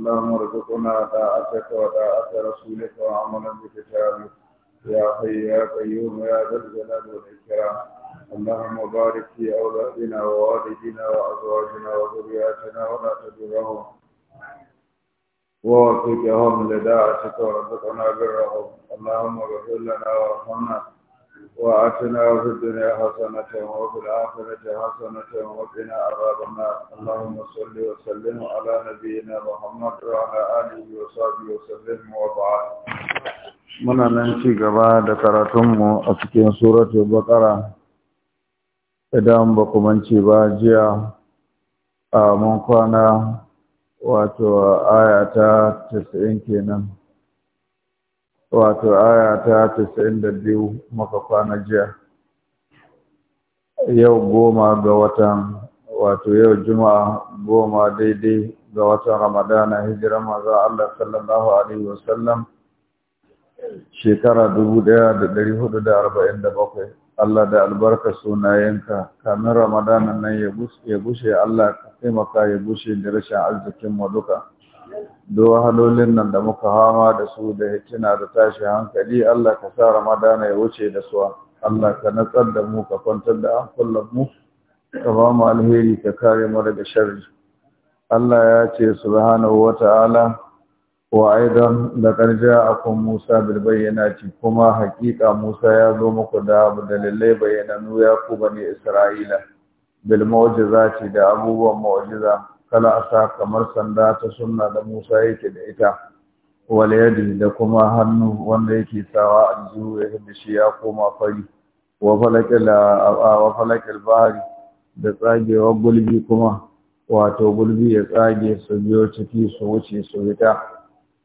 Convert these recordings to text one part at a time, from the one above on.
اللهم ارزقنا طاعتك وطاعة رسولك وعملا بكتابك يا حي يا قيوم يا ذا الجلال والإكرام اللهم بارك في أولادنا ووالدينا وأزواجنا وذرياتنا ولا تدرهم ووفقهم لداعتك وارزقنا برهم اللهم اغفر لنا وارحمنا وآتنا في الدنيا حسنة وفي الآخرة حسنة وقنا عذاب النار اللهم صل وسلم على نبينا محمد وعلى آله وصحبه وسلم وبعد muna nan ci gaba da karatunmu a cikin suratul baqara idan ba ku mance ba jiya a mun kwana wato aya ta 90 kenan wato aya ta tasa'in da biyu maka kwana jiya yau goma ga watan wato yau juma'a goma daidai ga watan ramadana hijiran maza Allah sallallahu alaihi wasallam shekara dubu ɗaya da dari hudu da arba'in da bakwai Allah da albarka sunayenka kamin ramadana nan ya gushe Allah ka taimaka ya gushe da rashin arzikin mu duka duk wahalolin nan da muka hama da su da hikina da tashi hankali Allah ka sa Ramadana ya wuce da su Allah ka natsar da mu ka kwantar da kullum mu ka ba mu alheri ka kare mu daga sharri Allah ya ce subhanahu wata'ala wa aidan karja ja'akum Musa bil bayyinati kuma hakika Musa ya zo muku da dalilai nu ya ku bani Isra'ila bil mu'jizati da abubuwan mu'jiza Kala asa kamar sanda ta sunna da musa yake da ita wal yadi da kuma hannu wanda yake sawa aljihu ya da shi ya koma fari wa falakil bahari da tsagewar gulbi kuma wato gulbi ya tsage su biyo ciki su wuce su fita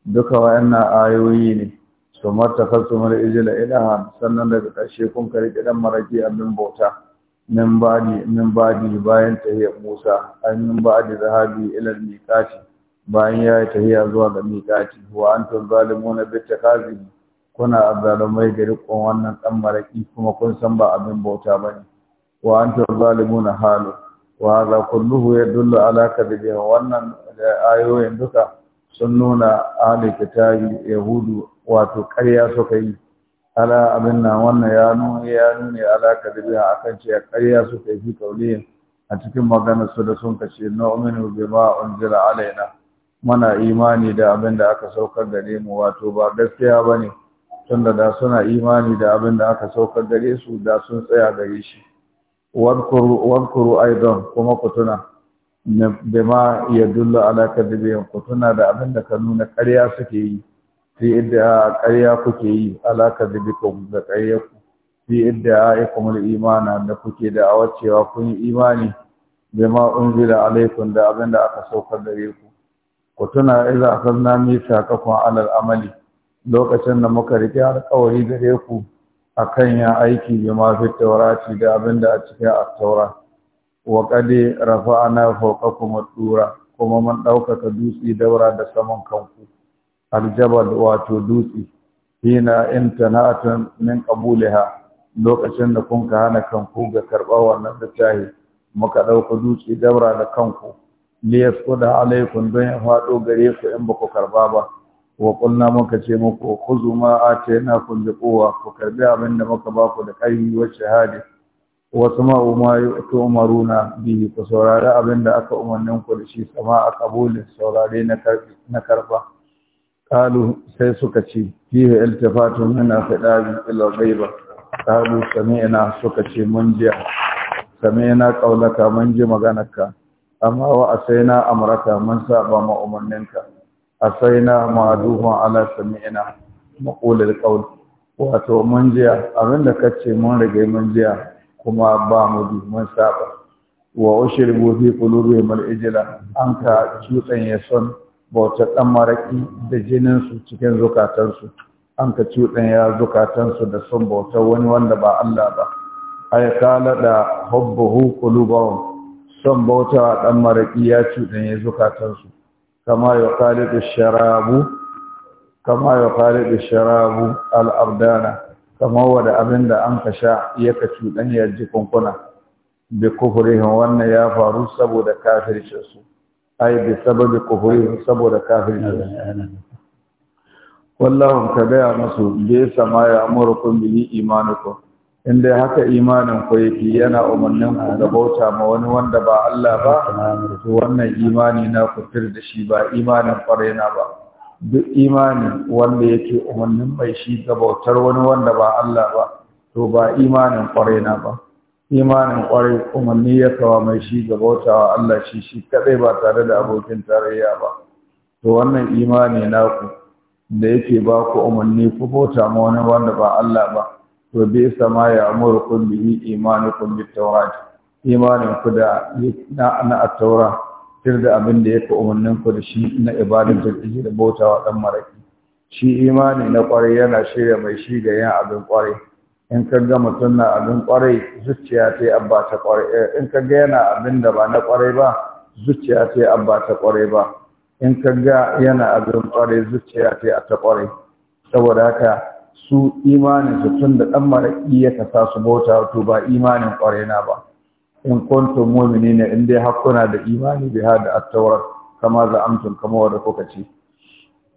duka wayannan ayoyi ne su martaka su mara ijila sannan daga ƙarshe kun karɓi dan maraki abin bauta min ba'di bayan tahiyyar Musa ay min ba'di zahabi ila al-miqati bayan ya yi tahiyya zuwa ga miqati wa antum zalimuna bi takazib kuna azalumai ga rikon wannan dan maraki kuma kun san ba abin bauta bane wa antum zalimuna halu wa hadha kulluhu yadullu ala kadhibi wannan eh, ayoyin duka sun nuna ahli kitabi yahudu wato ƙarya suka yi ala abin nan wannan ya nuna ya nuna ala a akan ce ƙarya suka yi kauli a cikin maganar su da sun kace nu'minu bima unzila alaina muna imani da abin da aka saukar gare mu wato ba gaskiya ba ne, tunda da suna imani da abin da aka saukar gare su da sun tsaya gare shi Wankuru aidan kuma ku tuna ya yadullu ala kadibiyan ku tuna da abin da ka nuna ƙarya suke yi fi idda ƙarya kuke yi alaka zibikum da ƙarya ku fi idda aikumul imana da kuke da awacewa kun yi imani bima unzila alaikun da abin da aka saukar gare ku ku tuna idza akhadna mithaqakum alal amali lokacin da muka rike alƙawari gare ku kan ya aiki ma fi tawrati da abin da a cikin a taura wa rafa ana fawqakum kuma tura kuma mun ɗaukaka dutse daura da saman kanku aljabal wato dutse hina imtana'atun min ha lokacin da kun ka hana kanku ga karɓar wannan littafi muka ɗauka dutse dabra da kanku li da alaikum don ya faɗo gare ku in baku karɓa ba wa qulna muka ce muku khuzu ma kun bi kowa. ku karbi abin da muka ba ku da ƙarfi wa shahadi wa sama'u ma na, bihi ku saurari abin da aka umarnin ku da shi sama a kabulin saurare na karɓa kalu sai suka ce fihe iltifatun muna faɗa ila ghaiba kalu sami'na suka ce mun jiya sami'na qaulaka mun ji maganarka amma wa asaina amraka mun saba ma umarninka asaina ma'duha ala sami'na maqulul qaul wato mun jiya abin da kace mun rage mun jiya kuma ba mu bi mun saba wa ushribu fi qulubihim al-ijla anka tutan yasun bautar ɗan maraƙi da jinin su cikin zukatansu an ka ya zukatansu da sun bautar wani wanda ba Allah ba ay kala da hubbuhu qulubahum son bauta ɗan maraƙi ya ya zukatansu kama ya khalidu sharabu kama ya khalidu sharabu al ardana kama wada abinda an ka sha ya ji kunkuna bi kufrihim wannan ya faru saboda kafircinsu su ai bi sababi kuhuri saboda kafirin wallahun ka gaya musu bai sama ya amurkun bi imanukum in dai haka imanin ku yake yana umarnin ku da bauta ma wani wanda ba Allah ba to wannan imani na ku fir da shi ba imanin kwarai na ba duk imani wanda yake umarnin mai shi ga bautar wani wanda ba Allah ba to ba imanin kwarai na ba imanin kwarai umarni ya kawo mai shi ga bautawa Allah shi shi kadai ba tare da abokin tarayya ba to wannan imani naku da yake ba ku umarni ku bauta ma wani wanda ba Allah ba to bi sama ya amuru kun bihi imanukum bi tawrat imanin ku da na na at-taura da abin da yake umarnin ku da shi na ibadar da da bautawa dan maraki shi imani na kwarai yana shirya mai shi ga yin abin kwarai in ka ga mutum na abin kwarai zuciya ta yi abba ta kwarai eh, in ka ga yana abin da ba na kwarai ba zuciya ta yi abba ta kwarai ba in ka ga yana abin kwarai zuciya ta yi a ta kwarai saboda haka su imanin su tun da ɗan maraƙi ya kasa su bauta to ba imanin kwarai na ba in kuntum ne in dai hakuna da imani biha da at-taurat kama za'amtum kama wanda kuka ce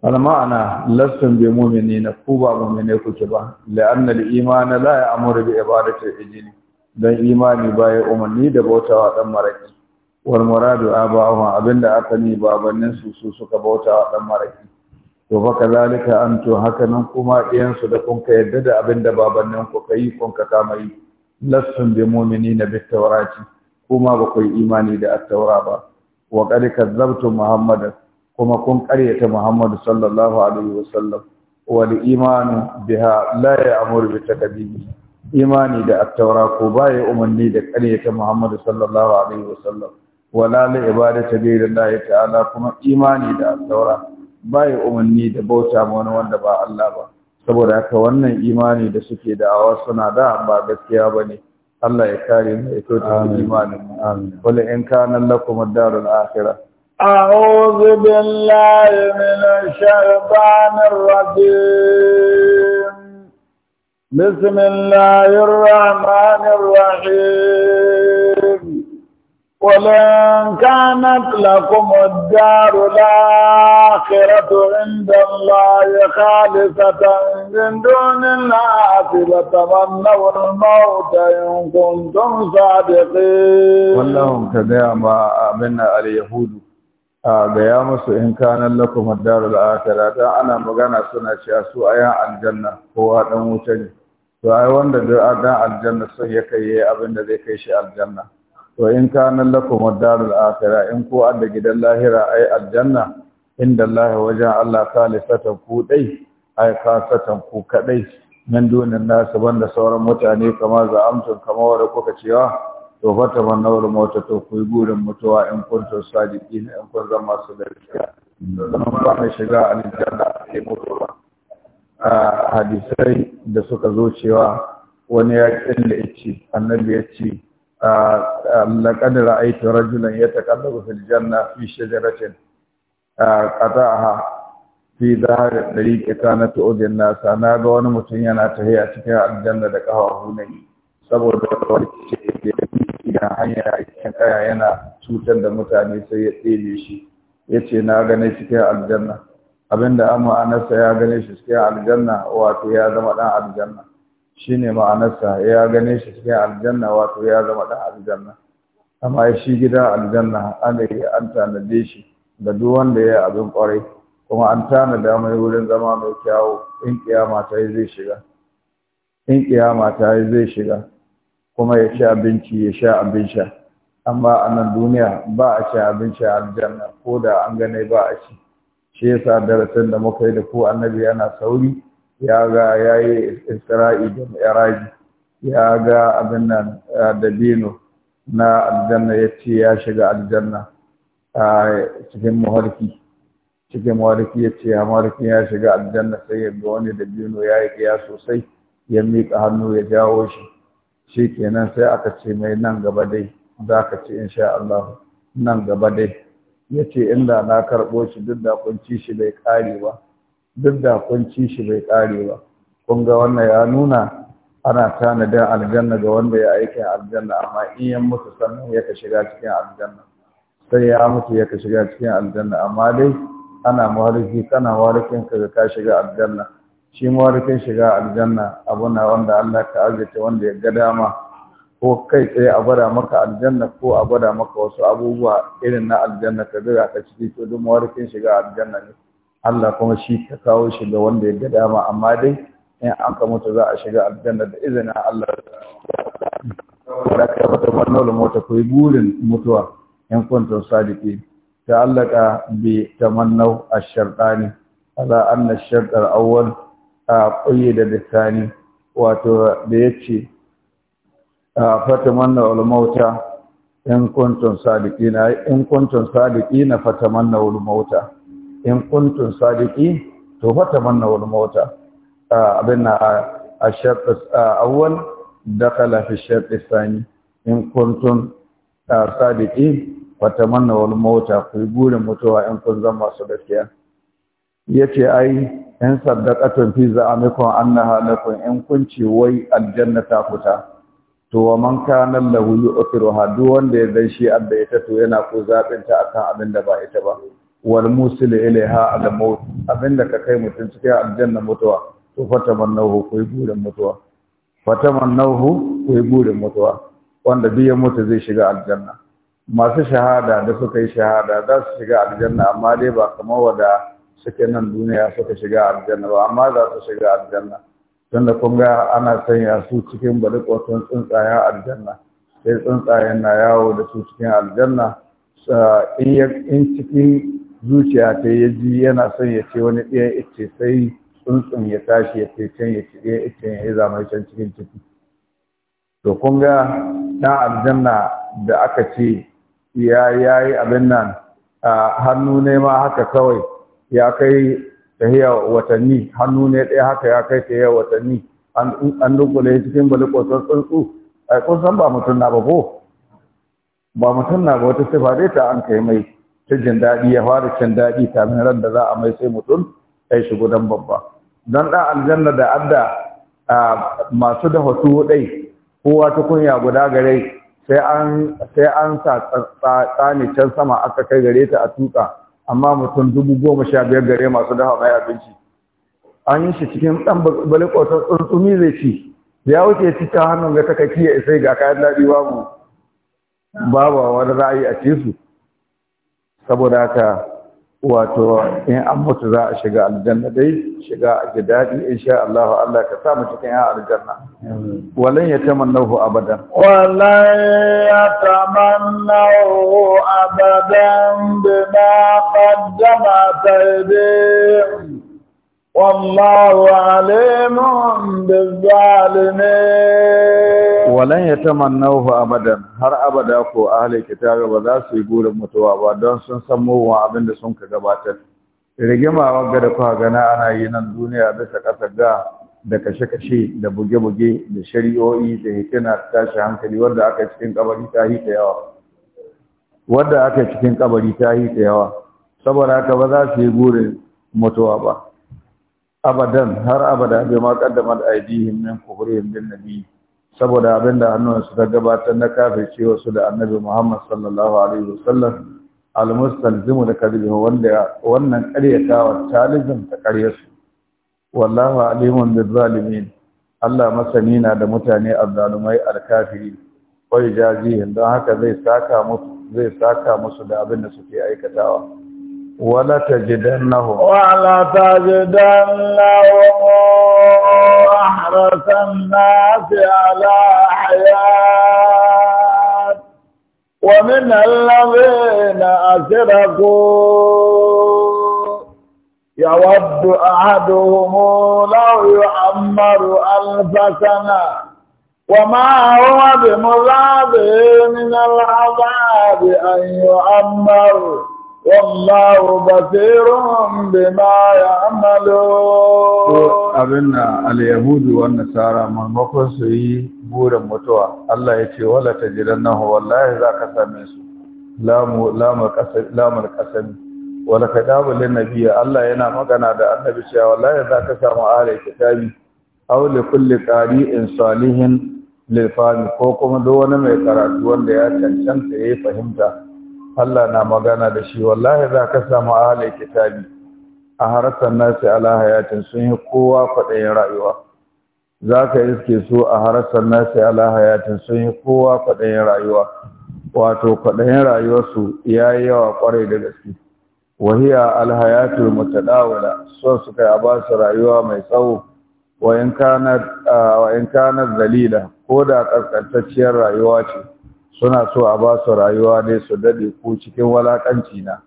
al-ma'ana lastum bi mu'minina ku ba mu'mine kuke ba la'anna al-iman la ya'muru bi ibadati al-jinn dan imani ba ya umarni da bautawa dan maraki wal muradu aba'uha abinda aka ni babannin su suka bautawa dan maraki to fa kazalika antu hakanan kuma iyan da kun ka yadda da abinda babannin ku kai kun ka kama yi lastum bi mu'minina bit tawrati kuma ba imani da at-taura ba wa qad kadzabtum muhammadan kuma kun karyata Muhammadu sallallahu alaihi wasallam imanu biha la ya'muru bi takdibi imani da at ko baya umarni da karyata Muhammadu sallallahu alaihi wasallam wala li ta'ala kuma imani da at-taura baya umarni da bauta ma wani wanda ba Allah ba saboda haka wannan imani da suke da'awa suna da ba gaskiya ne. Allah ya kare mu ya tota imanin mu wala in kana lakum ad-darul akhirah أعوذ بالله من الشيطان الرجيم بسم الله الرحمن الرحيم ولن كانت لكم الدار الآخرة عند الله خالصة من دون الناس لتمنوا الموت إن كنتم صادقين. والله كذا ما آمنا اليهود a gaya musu in kanan lakum ad-darul akhirah da ana magana suna a su ayan aljanna ko a dan wuta ne to ai wanda da dan aljanna sai ya kai abin da zai kai shi aljanna to in kanan lakum ad-darul akhirah in ko da gidan lahira ai aljanna inda Allah wajen Allah khalisatan ku dai ai khasatan ku kadai nan donin nasu banda sauran mutane kamar za'amtun kamar wanda kuka cewa to fa ta manawar mota to ku yi burin mutuwa in kunta sadiki na in kun zama su gaskiya don ba mai shiga a aljanna sai mutuwa hadisai da suka zo cewa wani ya da ice annabi ya ce laqad ra'aytu rajulan yataqallabu fil janna fi shajaratin qata'aha fi dhahar dariqi kanat udin nasa na ga wani mutum yana tahiya cikin aljanna da kahawa hunai saboda wani ce idan hanya a cikin ɗaya yana cutar da mutane sai ya tsere shi ya ce na gane cikin aljanna abinda an ma'anarsa ya gane shi cikin aljanna wato ya zama ɗan aljanna shine ma'anarsa ya gane shi cikin aljanna wato ya zama ɗan aljanna amma shi gidan aljanna ana yi an tanade shi da duk wanda ya abin kwarai kuma an tanada mai wurin zama mai kyawu in kiyama ta in kiyama ta yi zai shiga kuma ya ci abinci ya sha abin sha amma a nan duniya ba a ci abinci a aljanna ko da an gane ba a ci shi yasa darasin da muka yi da ku annabi yana sauri ya ga ya yi isra'i da mu'araji, ya ga abin nan dabino na aljanna ya ce ya shiga aljanna a cikin muharki cikin muharki ya ce ya muharki ya shiga aljanna sai ya ga wani dabino ya yi ƙiya sosai ya miƙa hannu ya jawo shi shi kenan sai aka ce mai nan gaba dai za ka ce sha Allah nan gaba dai ya ce inda na karɓo shi duk da kun ci shi bai ƙare ba duk da kun ci shi bai ƙare ba kun ga wannan ya nuna ana tanadin aljanna ga wanda ya aikin aljanna amma in ya mutu sannan ya ka shiga cikin aljanna sai ya mutu ya ka shiga cikin aljanna amma dai ana mawarki kana mawarkin ka ga ka shiga aljanna shi ma da kai shiga aljanna abu na wanda Allah ka arzita wanda ya ga dama ko kai tsaye a gwada maka aljanna ko a gwada maka wasu abubuwa irin na aljanna ka zira ka ciki ko duk ma kai shiga aljanna ne Allah kuma shi ka kawo shi ga wanda ya ga dama amma dai in an ka mutu za a shiga aljanna da izinin Allah da ka fata wannan mota ko burin mutuwa in ta Allah ka bi tamannau ash-shaytani ala anna ash awwal a ƙuyi da bisani wato da ya ce a fatamanna ulmauta in kuntun na in kuntun sadiqina fatamanna ulmauta in kuntun sadiqi to manna ulmauta abin na a a awon dakala fi sharɗi sani in kuntun fata manna ulmauta ku yi burin mutuwa in kun zama su gaskiya Ya ce ai in sadaƙatun fi an annaha halakon in kunci wai aljanna ta fita to wa man kana lahu yu'tiruha duk wanda ya zai shi adda ya yana ko zaɓinta ta akan abin da ba ita ba wal ha a da abin da ka kai mutum cikin aljanna mutuwa to fatamannahu ko burin mutuwa Fata fatamannahu ko burin mutuwa wanda biyan ya mutu zai shiga aljanna masu shahada da suka yi shahada za su shiga aljanna amma dai ba kamar wada suke nan duniya suka shiga aljanna ba amma za su shiga aljanna don da kun ga ana sanya su cikin balikotun tsuntsayen aljanna sai tsuntsayen na yawo da su cikin aljanna in cikin zuciya ta ya ji yana son ya ce wani ɗaya ice sai tsuntsun ya tashi ya ce can ya ci ɗaya ice ya yi zamai can cikin ciki to kun ga ɗan aljanna da aka ce ya yi abin nan hannu ne ma haka kawai ya kai ta tahiya watanni hannu ne ɗaya haka ya kai ta tahiya watanni an dunkule cikin bali ƙosar tsuntsu a ba mutum na ba ko ba mutum na ba wata sifa dai ta an kai mai ta jin daɗi ya fara cin daɗi kamin ran da za a mai sai mutum yi shi gudan babba don ɗan aljanna da adda masu da hotu ɗai kowa ta kunya guda gare sai an sa tsane can sama aka kai gare ta a tuka amma mutum dubu goma sha biyar gare masu dafa mai abinci an yi shi cikin ɗan balikwatar tsuntsumi zai ci ya wuce ta hannun ga ta ya isai ga kayan daɗi mu. babu wani ra'ayi a ci su saboda haka wato in an mutu za a shiga aljanna dai shiga a gida daɗi insha Allah Allah ka sa mu cikin yan aljanna walan ya hu abadan walan ya hu abadan bima qaddama taydihim والله عليم بالظالمين ولن يتمنوه ابدا har abada ko ahli kitabi ba za su yi gurin mutuwa ba don sun san mugun abin da sun ka gabatar rigima wanga da kuka gana ana yi nan duniya dasa kasar ga da kashe-kashe da buge-buge da shari'o'i da hikima tashi hankali wanda aka cikin kabari ta yi ta yawa wanda aka cikin kabari ta yi ta yawa saboda haka ba za su yi burin mutuwa ba abadan har abada bai ma kaddamar aidihim min kufrihim bin nabi saboda abinda hannunsu ta gabatar na ce wasu da annabi Muhammad sallallahu alaihi wasallam al-mustalzimu da kadibi wanda wannan karyatawa talizin ta su. wallahu alimun bil zalimin Allah masani na da mutane azzalumai alkafiri wai jazihin don haka zai saka musu zai saka musu da abinda suke aikatawa ولا تجدنهم ولا تجدنهم أحرس الناس على حياة ومن الذين أشركوا يود أحدهم لو يعمر ألف سنة وما هو بمضاد من العذاب أن يعمر والله بصير بما يعملون أبنا اليهود والنصارى من مكن سوي بور متوا الله يتي ولا تجدنه والله ذاك سامس لام لام القسم لام ولا كتاب للنبي الله yana magana da annabi cewa wallahi zaka samu ahli kitabi aw li kulli qari'in salihin lil fahmi ko kuma duk wani mai karatu wanda ya cancanta yayi fahimta Allah na magana da shi wallahi za ka samu ahli kitabi a harasan nasi ala hayatin sun yi kowa kwaɗayin rayuwa za ka iske su a harasan nasi ala hayatin sun yi kowa kwaɗayin rayuwa wato kwaɗayin rayuwarsu ya yi yawa kwarai da gaske wahiya alhayatul mutadawila so su kai a ba su rayuwa mai tsawo wa in kana zalila ko da ƙasƙantacciyar rayuwa ce suna so a ba su rayuwa ne su dade ko cikin walakanci na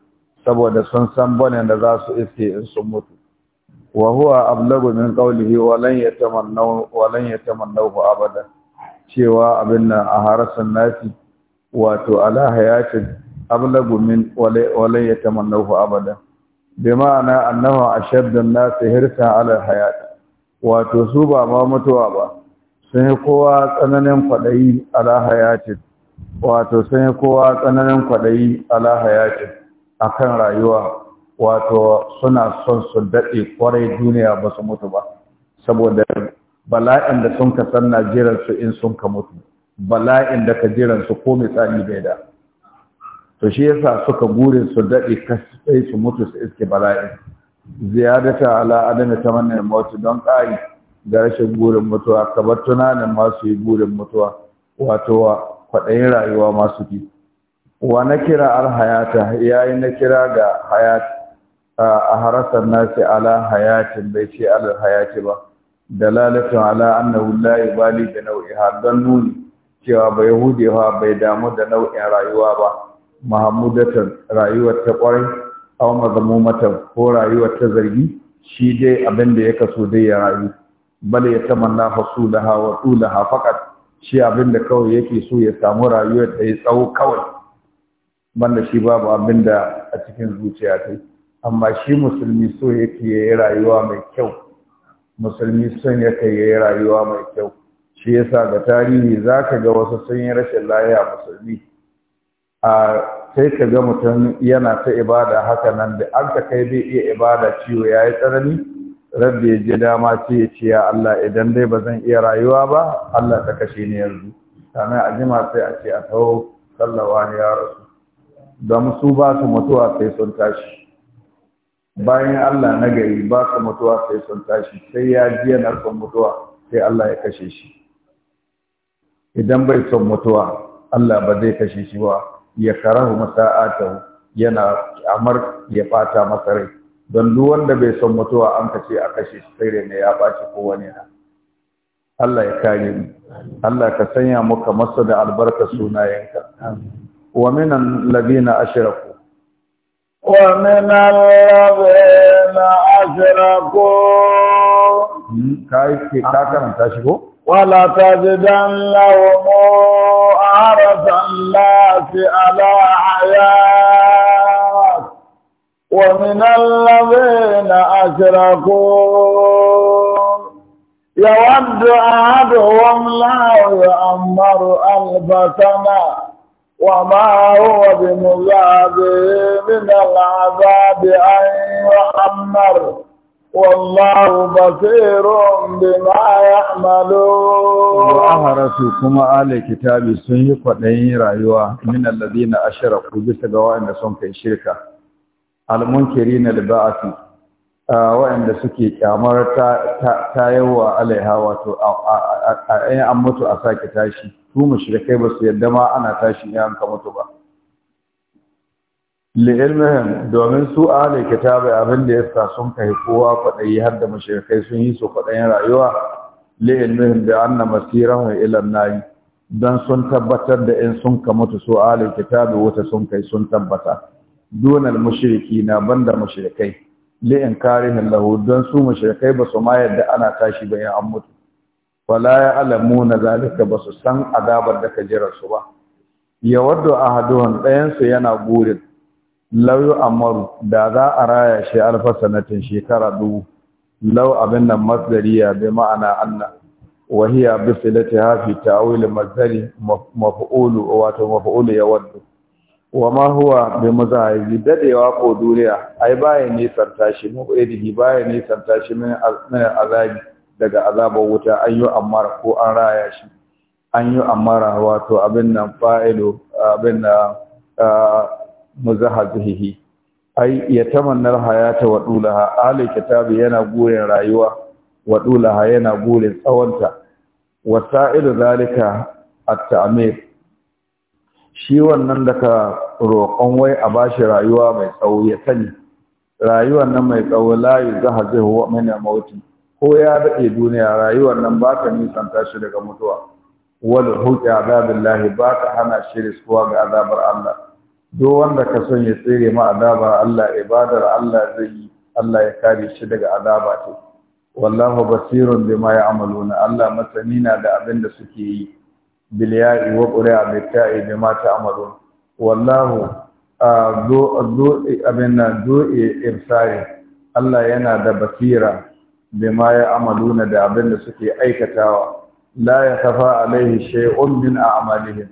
saboda sun san bane da za su iske in sun mutu wa huwa ablagu min qawlihi wa lan yatamannaw wa lan yatamannaw abada cewa abin nan a harasan nafi wato ala hayati ablagu min wa lan yatamannaw abada bi ma'ana annahu ashaddu an-nas hirsa ala hayat wato su ba ma mutuwa ba sai kowa tsananin fadayi ala hayati wato sai kowa tsananin kwaɗayi alaha ce, a kan rayuwa wato suna son su daɗe kwarai duniya ba su mutu ba saboda bala'in da sun ka san najeransu in sun ka mutu bala'in da ka jiransu ko misali bai da to shi yasa suka gure su daɗe kasai su mutu su iske bala'in ziyadata ala ta tamannin mawuci don ƙari ga rashin gurin mutuwa kabar tunanin masu yi gurin mutuwa wato kwaɗayin rayuwa masu bi wa na kira alhayata ya yi na kira ga hayat a harasar nasi ala hayatin bai ce alal hayati ba dalalatun ala annahu la yubali da har don nuni cewa bai hudewa bai damu da nau'in rayuwa ba mahamudatan rayuwar ta kwarai aw mazmumatan ko rayuwar ta zargi shi dai abin da ya kaso dai ya rayu bal ya tamanna hasulaha wa tulaha faqat shi abin da kawai yake so ya samu rayuwar da ya tsawo kawai banda shi babu abin da a cikin zuciya ta amma shi musulmi so yake ya yi rayuwa mai kyau musulmi son yake ya yi rayuwa mai kyau shi yasa da tarihi za ka ga wasu sun yi rashin a musulmi a sai ka ga mutum yana ta ibada haka nan da an ka kai bai iya ibada ciwo ya yi tsanani rabbi ya ji dama ce ya ce ya Allah idan dai ba zan iya rayuwa ba Allah ta kashe ni yanzu sannan a jima sai a ce a taho sallawa ne ya rasu don su ba su mutuwa sai sun tashi bayan Allah na gari ba su mutuwa sai sun tashi sai ya ji yana son mutuwa sai Allah ya kashe shi idan bai son mutuwa Allah ba zai kashe shi ba ya karahu masa'atahu yana amar ya fata masa rai don duk wanda bai son mutuwa an kace a kashe shi sai ne ya baci ko wani na Allah ya kare mu Allah ka sanya muka su da albarka sunayenka wa minan ladina ashraku wa minan ladina ashraku hmm, kai ke ka karanta shi ko lawo تجدن لهم أعرف الناس ala حياه ومن الذين أشركوا يود أحدهم لا يعمر ألف سنة وما هو بمزاده من العذاب أن يعمر والله بصير بما يعملون وأهرسوا كما آل كتابي سنة قد رأيوا من الذين أشركوا بسجواء سنك الشركة almunkirin A wa'anda suke kyamar ta yawa alaiha wato a an mutu a sake tashi su mu kai ba su yadda ma ana tashi ya an ka mutu ba li'ilmihim domin su ahli bai abin da yasa sun kai kowa kwaɗayi har da kai sun yi su kwaɗayin rayuwa li'ilmihim da anna mai ilan na yi, don sun tabbatar da in sun ka mutu su ahli kitabi wuta sun kai sun tabbata Donal mushiriki na banda mushrikai li in karihin lahu don su mushrikai ba su ma yadda ana tashi ba ya an mutu wala ya alamu na zalika ba su san azabar da ka jira su ba ya wadda ahaduhun ɗayan su yana burin lauyu amaru da za a raya shi alfasanatin shekara dubu lau abin nan masdariya bi ma'ana anna wa hiya bi silatiha fi ta'wil masdari maf'ulu wato maf'ulu ya wadda wa ma huwa bi muzahibi dadewa ko duniya ai baya nisan tashi mu idihi baya nisan tashi min azabi daga azabar wuta an amara ko an raya shi an yi amara wato abin nan fa'ilu abin da muzahabihi ai ya tamannar hayata wa dulaha ahli kitabi yana gurin rayuwa wa dulaha yana gurin tsawonta wa sa'ilu zalika at-ta'mir shi wannan da ka roƙon wai a bashi rayuwa mai tsawo ya sani rayuwar nan mai tsawo layu za a zai huwa mana mauti ko ya daɗe duniya rayuwar nan ba ta nisan tashi daga mutuwa wal huƙi azabin lahi ba ta hana shi riskuwa ga azabar Allah Do wanda ka son ya tsere ma azabar Allah ibadar Allah zai yi Allah ya kare shi daga azaba ce wallahu basirun bima ya'maluna Allah masani na da abin da suke yi بالياء وقرئ بالتاء بما تعملون والله ذو ابن ذو ابصار Allah yana da basira bima ya amaluna da abin da suke aikatawa la ya kafa alaihi shay'un a a'malihim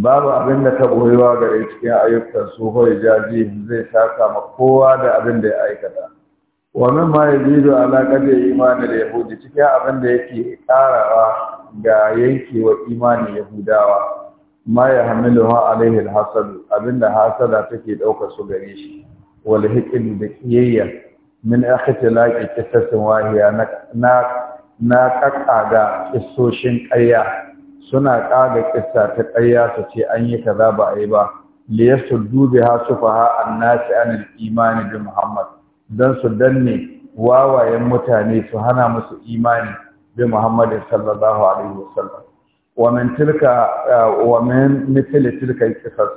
babu abinda da ta boyewa gare cikin ayyukan su ko jaji zai saka ma kowa da abinda ya aikata wa min ma ya ala qadri imani da yahudi cikin abin da yake karawa ga yankewa imani yahudawa ma ya hamiluha alaihi alhasad abinda hasada take ɗaukar su gare shi wal da kiyayya min ikhtilaqi qisasin wahiya na na na kakkaga kissoshin ƙarya suna kaga kissa ta ƙarya su ce an yi kaza ba a yi ba liyasuddu biha sufaha annasi anil imani bi muhammad don su danne wawayen mutane su hana musu imani bi Muhammadin sallallahu alaihi wasallam wa min tilka wa min mithli tilka qisas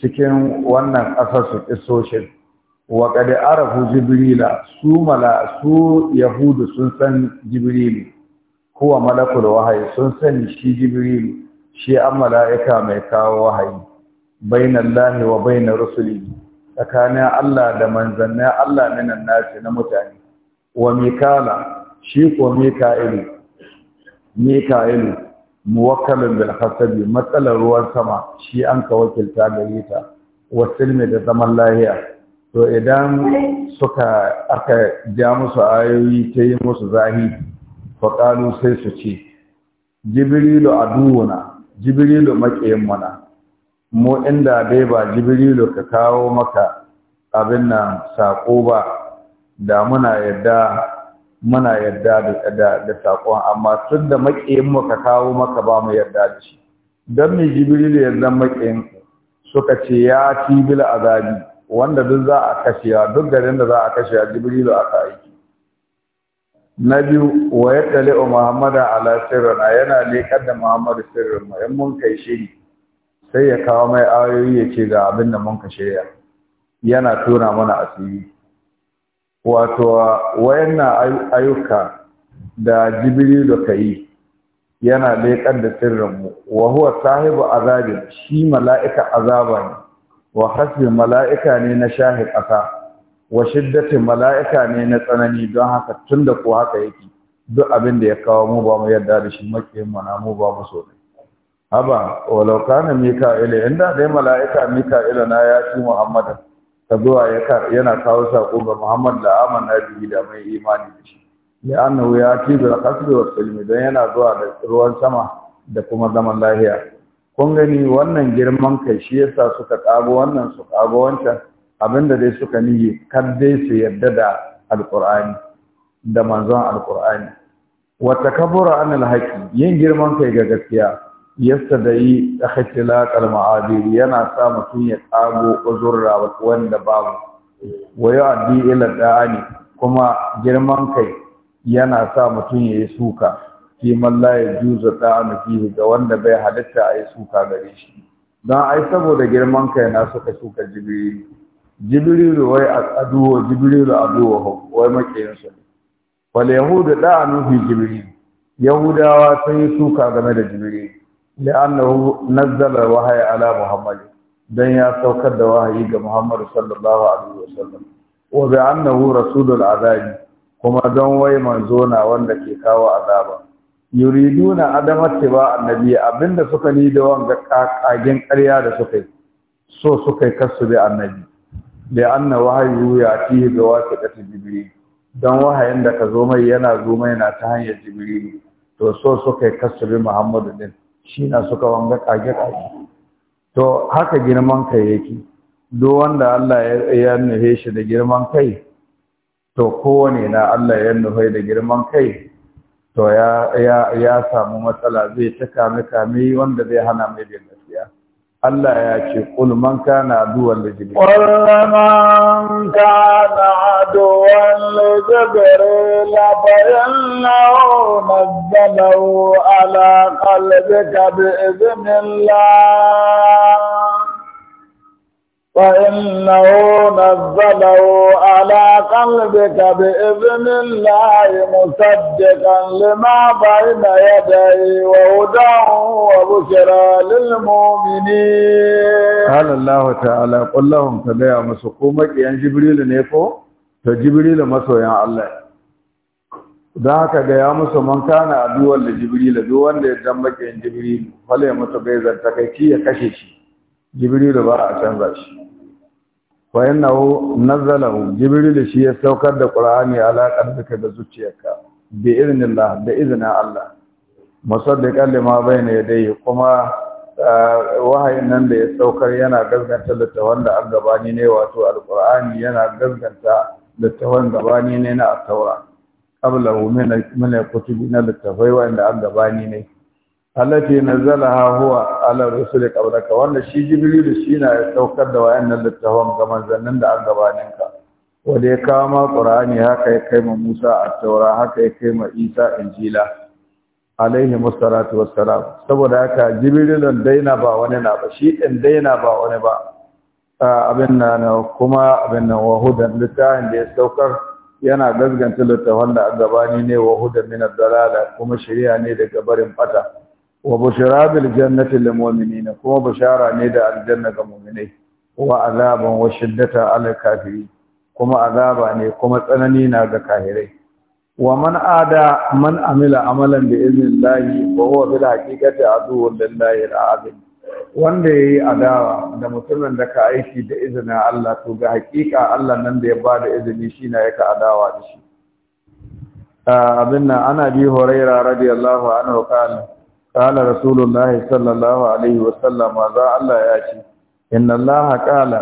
cikin wannan kasar su social wa qad arafu jibrila su mala su yahudu sun san jibrilu huwa malakul wahayi sun sani shi jibril shi an mala'ika mai kawo wahayi bainallahi wa bainar rusulihi tsakanin Allah da manzannin Allah minan nace na mutane wa mikala shi ko mika'ilu mika'ilu muwakkalin bil hasabi matsalar ruwan sama shi an ka wakilta gare ta wasilmi da zaman lahiya to idan suka aka ja musu ayoyi ta yi musu zahi faƙalu sai su ce jibrilu aduwana jibrilu maƙiyin mana mu inda dai ba jibrilu ka kawo maka abin nan sako ba da muna yadda muna yadda da da amma tun da maƙiyin mu ka kawo maka ba mu yadda da shi don mai jibrilu ya zan maƙiyin suka ce ya ci bil azabi wanda duk za a kashe duk garin da za a kashe jibrilu aka aiki na biyu wa ya tsale muhammada ala sirrina yana leƙar da muhammadu sirrin mu in mun kai shiri sai ya kawo mai ayoyi ya ce ga abin da mun ka shirya yana tona mana asiri wato wayannan ayyuka da jibrilu ka yi yana leƙar da sirrinmu wa huwa sahibu azabin shi mala'ika azaba ne wa hasbi mala'ika ne na shahid ƙasa wa shiddati mala'ika ne na tsanani don haka tunda ko haka yake duk abin da ya kawo mu ba mu yarda da shi makiyin mu ba so haba walau kana mika'ila inda dai mala'ika mika'ila na ya ci muhammadan ta zuwa yana kawo sako ga muhammad da amana bihi da mai imani da shi ya ya ci da kasu wa silmi don yana zuwa da ruwan sama da kuma zaman lahiya kun gani wannan girman kai shi yasa suka kago wannan su kago wancan abinda dai suka niyi kan dai su yadda da alqur'ani da manzon alqur'ani wa takabbura anil haqi yin girman kai ga gaskiya da yi yastadayi laƙar ma'adir yana sa mutum ya kago uzurra wanda babu wayo addi ila da'ani kuma girman kai yana sa mutum ya yi suka fi malla ya juza da'ani fi ga wanda bai halitta a yi suka gare shi don ai saboda girman kai na suka suka jibiri jibril wai aduwa jibril aduwa wai su ne wal yahudu da'anu fi jibiri yahudawa sun yi suka game da jibiri. li'annahu nazzala wahayi ala muhammad dan ya saukar da wahayi ga muhammad sallallahu alaihi wasallam wa bi annahu rasulul azabi kuma don wai manzo na wanda ke kawo azaba yuriduna adama tiba annabi abinda suka ni da wanga kakagen ƙarya da suka so suka yi kasu da annabi da anna wahayu ya ga wasu ɗata jibiri don wahayin da ka zo mai yana zo mai na ta hanyar jibiri to so suka yi kasu da muhammadu din shi na suka wanga kage-kage to haka girman kai yake duk wanda Allah ya nufe shi da girman kai to kowane na Allah ya nufe da girman kai to ya samu matsala zai ta kame kame wanda zai hana mai bin Allah ya ce qul na kana da li jibril na man kana aduwan li jibril fa innahu nazzalahu ala qalbika bi فإنه نزله على قلبك بإذن الله مصدقا لما بين يديه وهدى وبشرى للمؤمنين قال الله تعالى قل لهم تبيع مسقومك يعني جبريل نيفو فجبريل مسو يا الله da haka da ya musu man kana aduwar da jibril duk wanda ya dan bakin jibril fale masa bai zanta kai ki ya kashe shi jibrilu ba a canza shi wa innahu nazzalahu jibrilu shi ya saukar da qur'ani ala qalbika da zuciyarka bi iznillah da iznin Allah musaddiqan lima bayna yadayhi kuma eh, wahayin nan da ya saukar yana gaskanta da an gabani ne wato alqur'ani yana gaskanta littafan gabani ne na at-taura qablahu min min kutubi na littafai wanda an gabani ne التي نزلها هو على الرسول قبلك وان shi jibril shi na ya saukar da wayannan littafan ga manzannin da an gabanin ka wanda ya kawo ma haka ya kai ma musa at-taura haka ya kai ma isa injila alaihi musallatu wassalam saboda haka jibril daina ba wani na ba shi din daina ba wani ba abin nan kuma abin wahudan littafin da ya saukar yana gazganta littafan da gabani ne wahudan min ad-dalala kuma shari'a ne daga barin fata wa bushara bil jannati lil mu'minin kuma bushara ne da aljanna ga mu'minai wa azaban wa shiddata al kafirin kuma azaba ne kuma tsanani na ga kafirai wa man ada man amila amalan bi iznillahi wa huwa bil haqiqati aduwwun lillahi al wanda yayi adawa da mutumin da ka aiki da izinin Allah to ga haƙiƙa Allah nan da ya ba da izini shi na yaka adawa da shi ah, abin nan ana bi horaira radiyallahu anhu kana qala rasulullahi sallallahu alaihi wasallam za Allah ya ce inna ان الله قال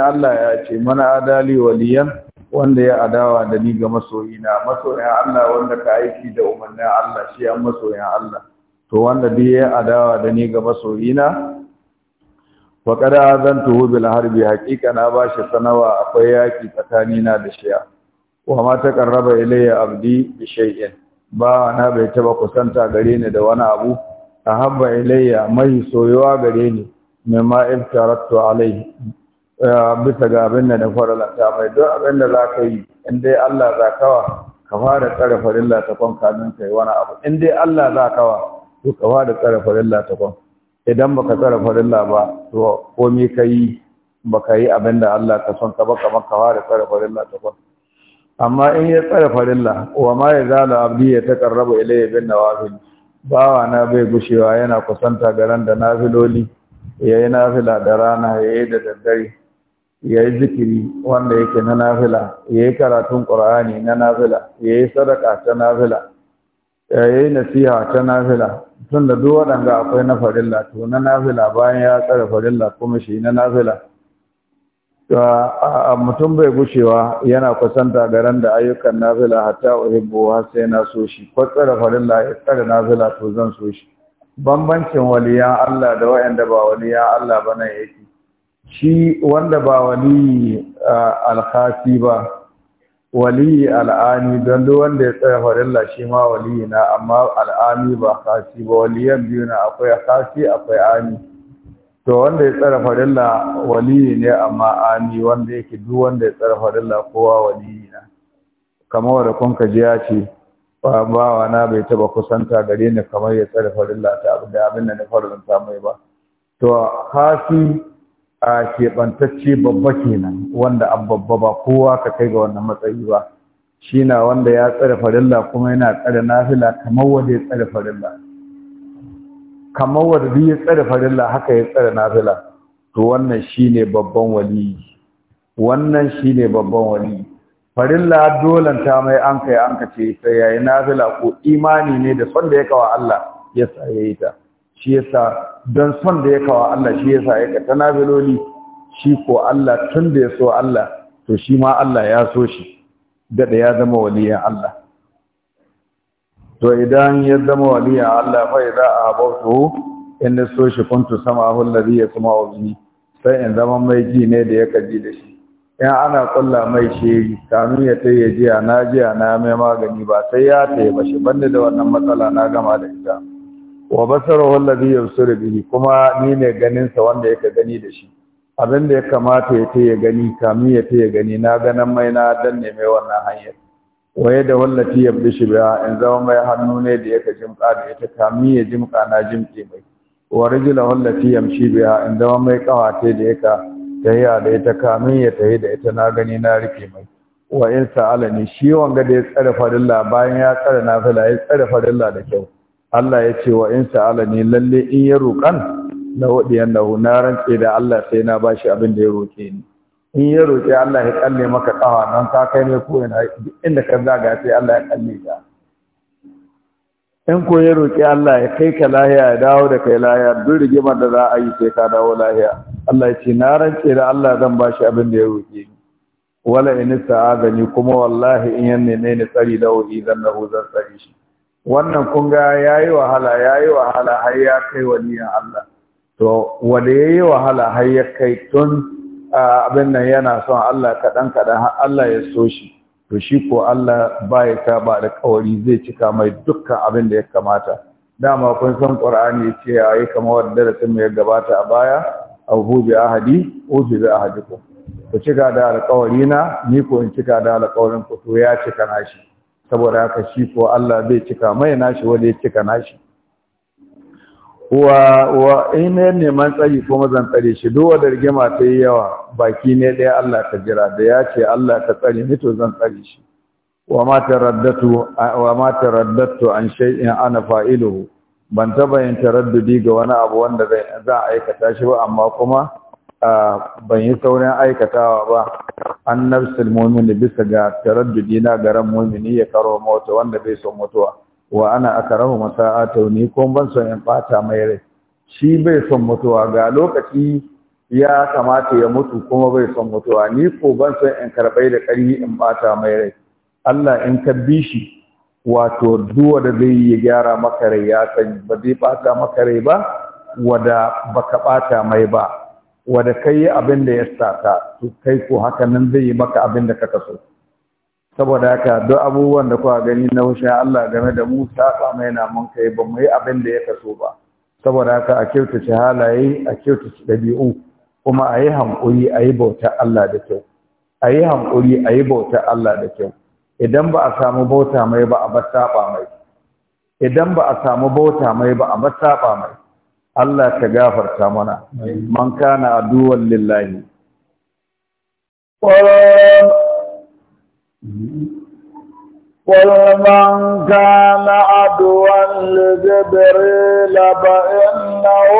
Allah ya ce mana adali waliyan wanda ya adawa da ni ga masoyina masoyin Allah wanda ka aiki da umarnin Allah shi an masoyin Allah to wanda bi ya adawa da ni ga masoyina wa qad azantuhu bil harbi haqiqa na bashi sanawa akwai yaki tsakani na da shiya wa ma taqarraba ilayya abdi bi shay'in ba na bai taba kusanta gare ni da wani abu ahabba ilayya mai soyuwa gare ni mimma iftaratu alai eh, bisa ga abin da na faralanta mai don abin da za ka yi in dai Allah za kawa ka fara tsare farilla ta kwan kamin kai wani abu in dai Allah za kawa to ka fara tsare farilla ta kwan idan baka tsare farilla ba to komai ka yi baka yi abin da Allah ka son ka baka maka fara tsare farilla ta kwan amma in ya tsare farilla wa ma ya zala abdi ya taqarrabu ilayya bin nawafil bawa na bai gushewa yana kusanta garan da nafiloli Ya yi nafila da rana ya yi da daddare ya yi zikiri wanda yake na nafila ya yi karatun ƙur'ani na nafila ya yi sadaka ta nafila ya yi nasiha ta nafila Tun da duk waɗanda akwai na farilla to na nafila bayan ya tsare farilla kuma shi na nafila mutum bai gushewa yana kusanta ran da ayyukan nafila hatta wa sai na so shi kwatsara farilla ya tsara nafila to zan so shi bambancin waliya Allah da wayanda ba waliya Allah bane yake shi wanda ba wali al-khasi ba wali al'ani don duk wanda ya tsara farilla shi ma wali na amma al'ani ba khasi ba waliyan biyu na akwai khasi akwai ani to wanda ya tsara farilla waliyi ne amma ami wanda yake duk wanda ya tsara farilla kowa wali na kamar wanda kun ka ji ya ce bawa na bai taba kusanta gare ni kamar ya tsara farilla ta abin da abin da na ta mai ba to hasi a keɓantacce babba kenan wanda an babba ba kowa ka kai ga wannan matsayi ba shi na wanda ya tsara farilla kuma yana tsara nafila kamar wanda ya tsara farilla kamar wanda ya tsare farilla haka ya tsare nafila to wannan shine babban wali wannan shine babban wali farilla dole ta mai an kai an kace sai yayi nafila ko imani ne da son da ya kawa Allah ya sa yayi ta shi yasa don son da ya kawa Allah shi yasa ya ta nafiloli shi ko Allah tun da ya so Allah to shi ma Allah ya so shi da ya zama waliyan Allah to idan ya zama waliya Allah fa a ahabtu in so shi kuntu samahu alladhi yasma'u bihi sai in zama mai ji ne da yake ji da shi in ana kulla mai shi kanu ya tai ya ji na ji na mai magani ba sai ya tai ba shi banda da wannan matsala na gama da ita wa basaruhu alladhi yabsuru bi kuma ni ne ganin sa wanda yake gani da shi abin da ya kamata ya tai ya gani kanu ya tai ya gani na ganan mai na danne mai wannan hanyar waye da wallafi ya shi biya in zama mai hannu ne da yaka jimka da ita kami ya jimka na jimke mai wa wallafi ya yamshi biya in zama mai kawate da yaka tahiya da ita kamin ya yi da ita na gani na rike mai wa in sa'ala ni shi wanga da ya tsare farilla bayan ya tsare nafila ya tsare farilla da kyau Allah ya ce wa in sa'ala ni lalle in ya roƙan na wadiyan da na rantse da Allah sai na bashi abin da ya roke ni in ya roƙi Allah ya kalle maka kawa nan ta kai mai ko yana inda ka zaga sai Allah ya kalle ka in ko ya roƙi Allah ya kai ka lahiya ya dawo da kai lahiya duk rigimar da za a yi sai ka dawo lahiya Allah ya ce na rance da Allah zan ba shi abin da ya roƙe ni wala in sa'azani kuma wallahi in yanne ne ni tsari da wuri zan na zan tsari shi wannan kun ga yayi wahala yayi wahala har ya kai waliyan Allah to wanda yayi wahala har ya kai tun abin nan yana son Allah kaɗan kaɗan Allah ya so shi to shi ko Allah baya ta ba da kawari zai cika mai dukkan abin da ya kamata dama kun san ya ce yayi kamar wanda darasin mu ya gabata a baya abu bi ahadi uzu bi ahadikum ku cika da alƙawari na ni ko in cika da alƙawarin ku to ya cika nashi saboda haka shi ko Allah zai cika mai nashi wanda ya cika nashi wa ina neman tsari ko mazan tsare shi duk da rigima ta yi yawa baki ne ɗaya Allah ta jira da ya ce Allah ta tsare ni to zan tsare shi wa ma taraddatu wa ma taraddatu an shay'in ana fa'iluhu ban taba yin taraddudi ga wani abu wanda zai za a aikata shi ba amma kuma ban yi saurin aikatawa ba an nafsul bisa ga taraddudi na garan mu'mini ya karo mota wanda bai so mutuwa wa ana akarahu masa'atu ni ko ban son in bata mai rai shi bai son mutuwa ga lokaci ya kamata ya mutu kuma bai son mutuwa ni ko ban son in karbai da ƙarfi in bata mai rai Allah in ka bi shi wato duwa da zai yi gyara maka rai ya sani ba zai bata maka rai ba wada baka bata mai ba wada kai abin da ya sata to kai ko haka nan zai yi maka abin da kaka so saboda haka duk abubuwan da kuka gani na hushin Allah game da mu ta samu yana mun kai ba mu yi abin da ya kaso ba saboda haka a kyautace halaye a kyautace ɗabi'u kuma a yi hankuri a yi bauta Allah da kyau a yi hankuri a yi bauta Allah da kyau idan ba a samu bauta mai ba a bar saba mai idan ba a samu bauta mai ba a bar saba mai Allah ka gafarta mana man kana aduwan lillahi قل من كان عدوا لجبريل فإنه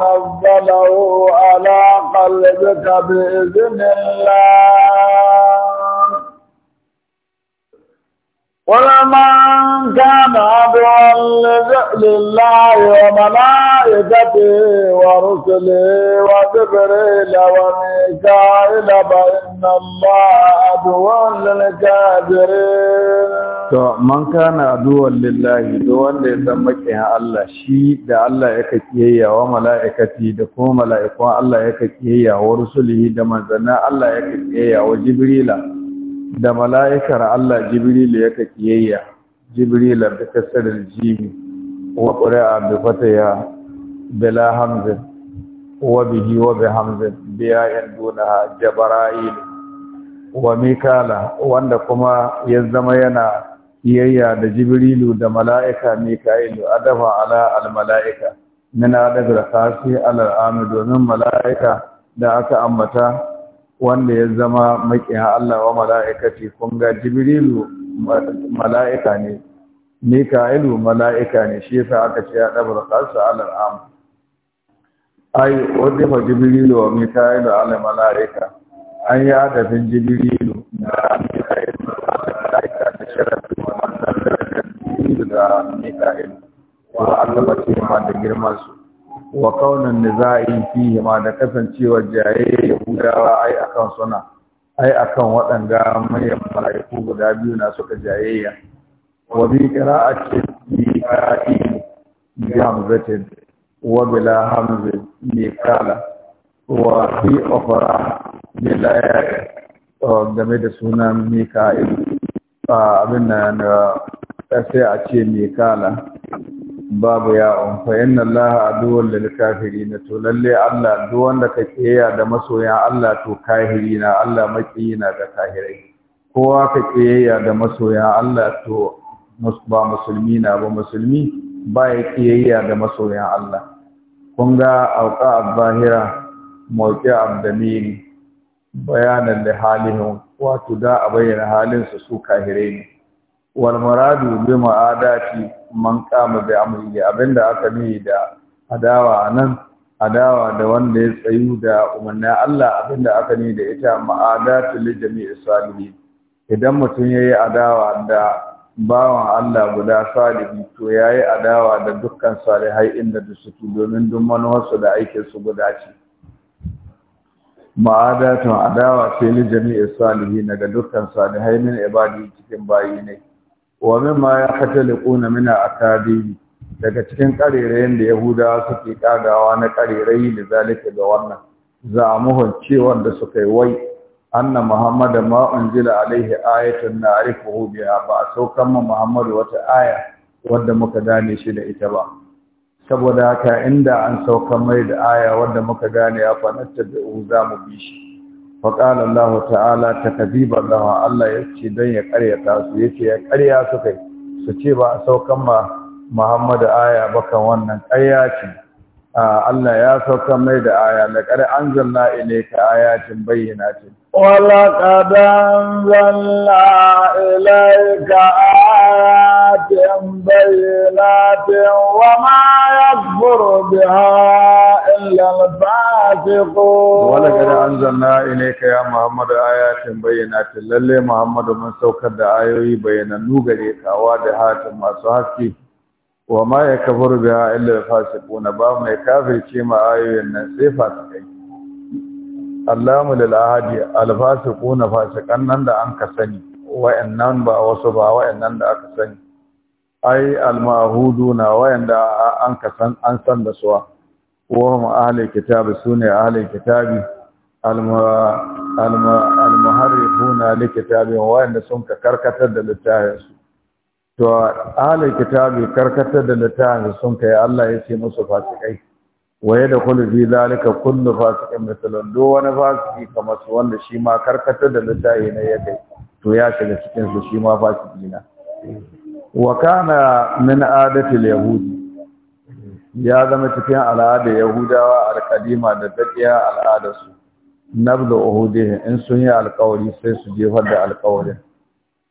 نزله على قلبك بإذن الله قل من كان عدوا لله وملائكته ورسله وجبريل وميكائيل فإن الله عدو للكافرين to man kana aduwan lillahi da wanda ya san makiyan Allah shi da Allah ya kakiyayya wa mala'ikati da kuma mala'ikun Allah ya kakiyayya wa rusulihi da manzanna Allah ya kakiyayya wa jibrila da mala'ikar Allah Jibril ya ka kiyayya Jibril da kasarar jimi wa ƙuri'a bi fataya bila hamzin wa bihi wa bi hamzin biyayen duna jabara'il wa mikala wanda kuma ya zama yana kiyayya da Jibrilu da mala'ika Mika'ilu adafa ala al-mala'ika min adab al-khasi al-amu domin mala'ika da aka ambata wanda ya zama makiya Allah wa mala'ikati kun ga jibirilu mala'ika ne mika'ilu mala'ika ne shi yasa aka ce ya ɗabar kansa alar am ai wanda fa jibrilu wa mika'ilu alar mala'ika an yi adafin jibrilu da mika'ilu mala'ika da sharafi wa da mika'ilu wa Allah ba ce ma da girman su wa kaunan niza'i fihi ma da kasancewa jaye yahudawa ai akan suna ai akan waɗanda mayan mala'iku guda biyu na suka jayayya wa bi qira'ati miqati bi hamzatin wa bila hamzi kala wa fi ukhra bila game da sunan mika'il abin nan sai a ce mikala babu ya'un fa inna allaha aduwwul lil kafirin to lalle Allah duk wanda ka keya da masoyan Allah to na Allah makiyina da kafirai kowa ka keya da masoyan Allah to ba musulmi na ba musulmi ba ya keya da masoyan Allah kun ga auqa abahira mawqi abdamiri bayanan da halihun wato da a bayyana halin su su kafirai ne wal muradu bi ma'adati man qama bi amrihi abinda aka nihi da adawa nan adawa da wanda ya tsayu da umarni Allah abinda aka nihi da ita ma'adatu li jami'i salihi. idan mutum yayi adawa da bawan Allah guda salihi to yayi adawa da dukkan salihai inda da suke domin duk manuwarsu da aikin su guda ce ma'adatun adawa sai li jami'i salihi, daga dukkan salihai min ibadi cikin bayi wa mimma yahtaliquna min akadi daga cikin karerayen da yahuda suke ƙagawa na karerai da zalika ga wannan zamuhun cewar da suka yi wai anna muhammad ma unzila alaihi ayatun na'rifuhu biha ba a saukan mu muhammadu wata aya wadda muka gane shi da ita ba saboda haka inda an sauka mai da aya wadda muka gane ya fa natta da za mu bi shi faƙalar Allah ta'ala ta kazibar lawa Allah ya ce don ya ƙaryata su ya ce ya karya suka yi su ce ba a saukan ma Muhammadu aya bakan wannan ƙarya ce Ah, Allah ya sauka mai da aya na ƙari an zanna ile ka ayatin bayyana ce. Wala ƙadan zanna ile ka ayatin bayyana ce, wa ma ya furu bi ha illa lafafi ko. Wala ƙari an zanna ile ka ya Muhammadu ayatin bayyana ce, lalle Muhammadu mun saukar da ayoyi bayyana nugare kawa da hatin masu haske. wa ma ya kafaru biya illa fasiquna ba mai kafirce ma ayoyin nan sai fasikai Allahu lil ahadi al fasiquna fasikan nan da an ka sani nan ba wasu ba nan da aka sani ai al mahuduna wa'anda an ka san an san da suwa wa ma ahli kitabi sune ahli kitabi al al muharrifuna li kitabi sun ka karkatar da littafinsu to ahlul kitabi karkatar da littafi sun kai Allah ya ce musu fasikai waye da kullu fi zalika kullu fasikin misalan do wani fasiki kamar su wanda shi ma karkatar da littafi ne ya kai to ya shiga cikin su shi ma fasiki na wa kana min adati yahudi ya zama cikin al'adar yahudawa alƙadima da daɗiya al'adarsu nabda uhudihim in sun yi alƙawari sai su jefar da alƙawarin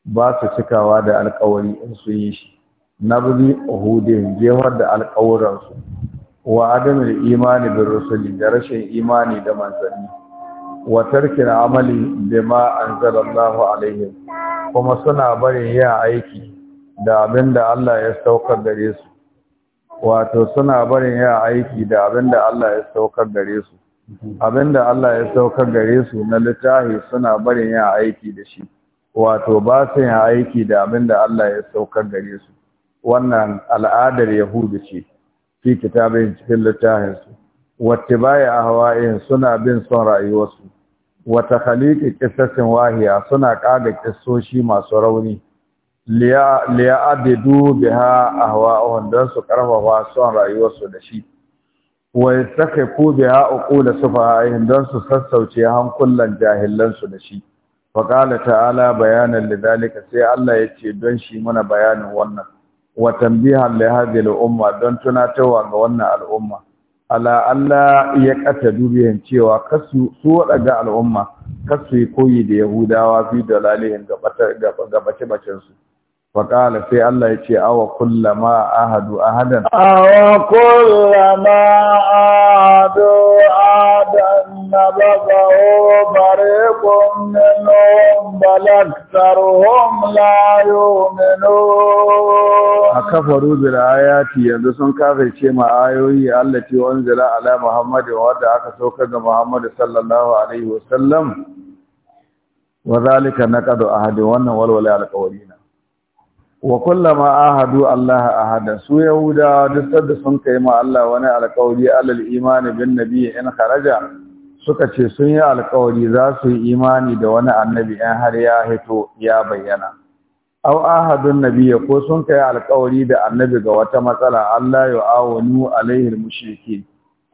ba su cikawa da alkawari in sun yi shi Na nabzi uhudin jefar da alkawuransu wa adamin imani da rusuli da rashin imani da manzanni wa tarkin amali da ma anzalallahu alaihim kuma suna barin yin aiki da abin da Allah ya saukar gare su wato suna barin yin aiki da abin da Allah ya saukar gare su abin da Allah ya saukar gare su na littafi suna barin yin aiki da shi wato ba su yin aiki da abin da Allah ya saukar gare su wannan al'adar yahudu ce fi kitabin cikin littafin su wata baya a hawa'in suna bin son rayuwarsu wata khaliki kisassin wahiya suna kaga kisoshi masu rauni liya abidu biha ahwa'uhum don su karfafa son rayuwarsu da shi Wai bi ha'uku biha uqula sufaha'ihim don su sassauce hankulan jahilansu da shi faƙala ta'ala bayanan lidalika sai Allah ya ce don shi mana bayanin wannan watan tambihan li hadhihi al-umma don tunatarwa ga wannan al'umma ala Allah ya kata dubiyan cewa kasu su waɗaga al'umma kasu yi koyi da yahudawa fi dalalihin ga bace bacen su faƙala sai Allah ya ce a kullama ahadu ahadan awa kullama ahadu ahadan na bazawo fariƙun minhum balaktarhum la yu'minun a kafaru bil ayati yanzu sun kafirce ma'ayoyi ayoyi Allah ce wanzila ala Muhammad aka sauka ga Muhammad sallallahu alaihi wasallam wa zalika naqadu ahadi wannan walwala alqawlina wa kullama ahadu Allah ahada su yahuda duk da sun kai ma Allah wani alƙawari alal imani bin nabi in kharaja suka ce sun yi alƙawari za su yi imani da wani annabi in har ya hito ya bayyana aw ahadun nabi ko sun kai alƙawari da annabi ga wata matsala Allah ya awanu alaihi mushriki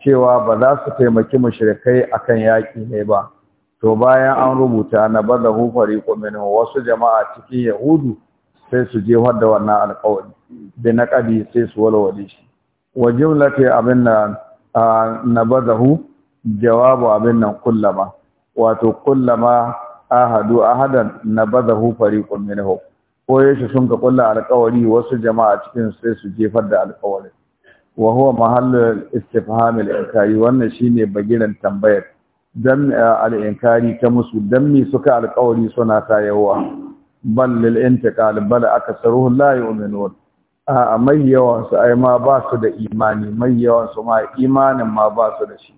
cewa ba za su taimaki mushrikai akan yaki ne ba to bayan an rubuta na badahu hufari minhu wasu jama'a cikin yahudu sai su jefar da wannan alƙawari da na ƙadi sai su walwale shi wa jimlati abin da na bazahu jawabu abin nan kullama wato kullama ahadu ahadan na bazahu fariqun minhu ko yace sun ka kulla alƙawari wasu jama'a cikin sai su jefar da alƙawarin wa huwa mahallu istifham al-inkari wannan shine bagiran tambayar dan al-inkari ta musu dan me suka alƙawari suna kayawa bal lil intiqal bal aktharuhum la yu'minun a mai yawan su ai ma ba su da imani mai yawan su ma imanin ma ba su da shi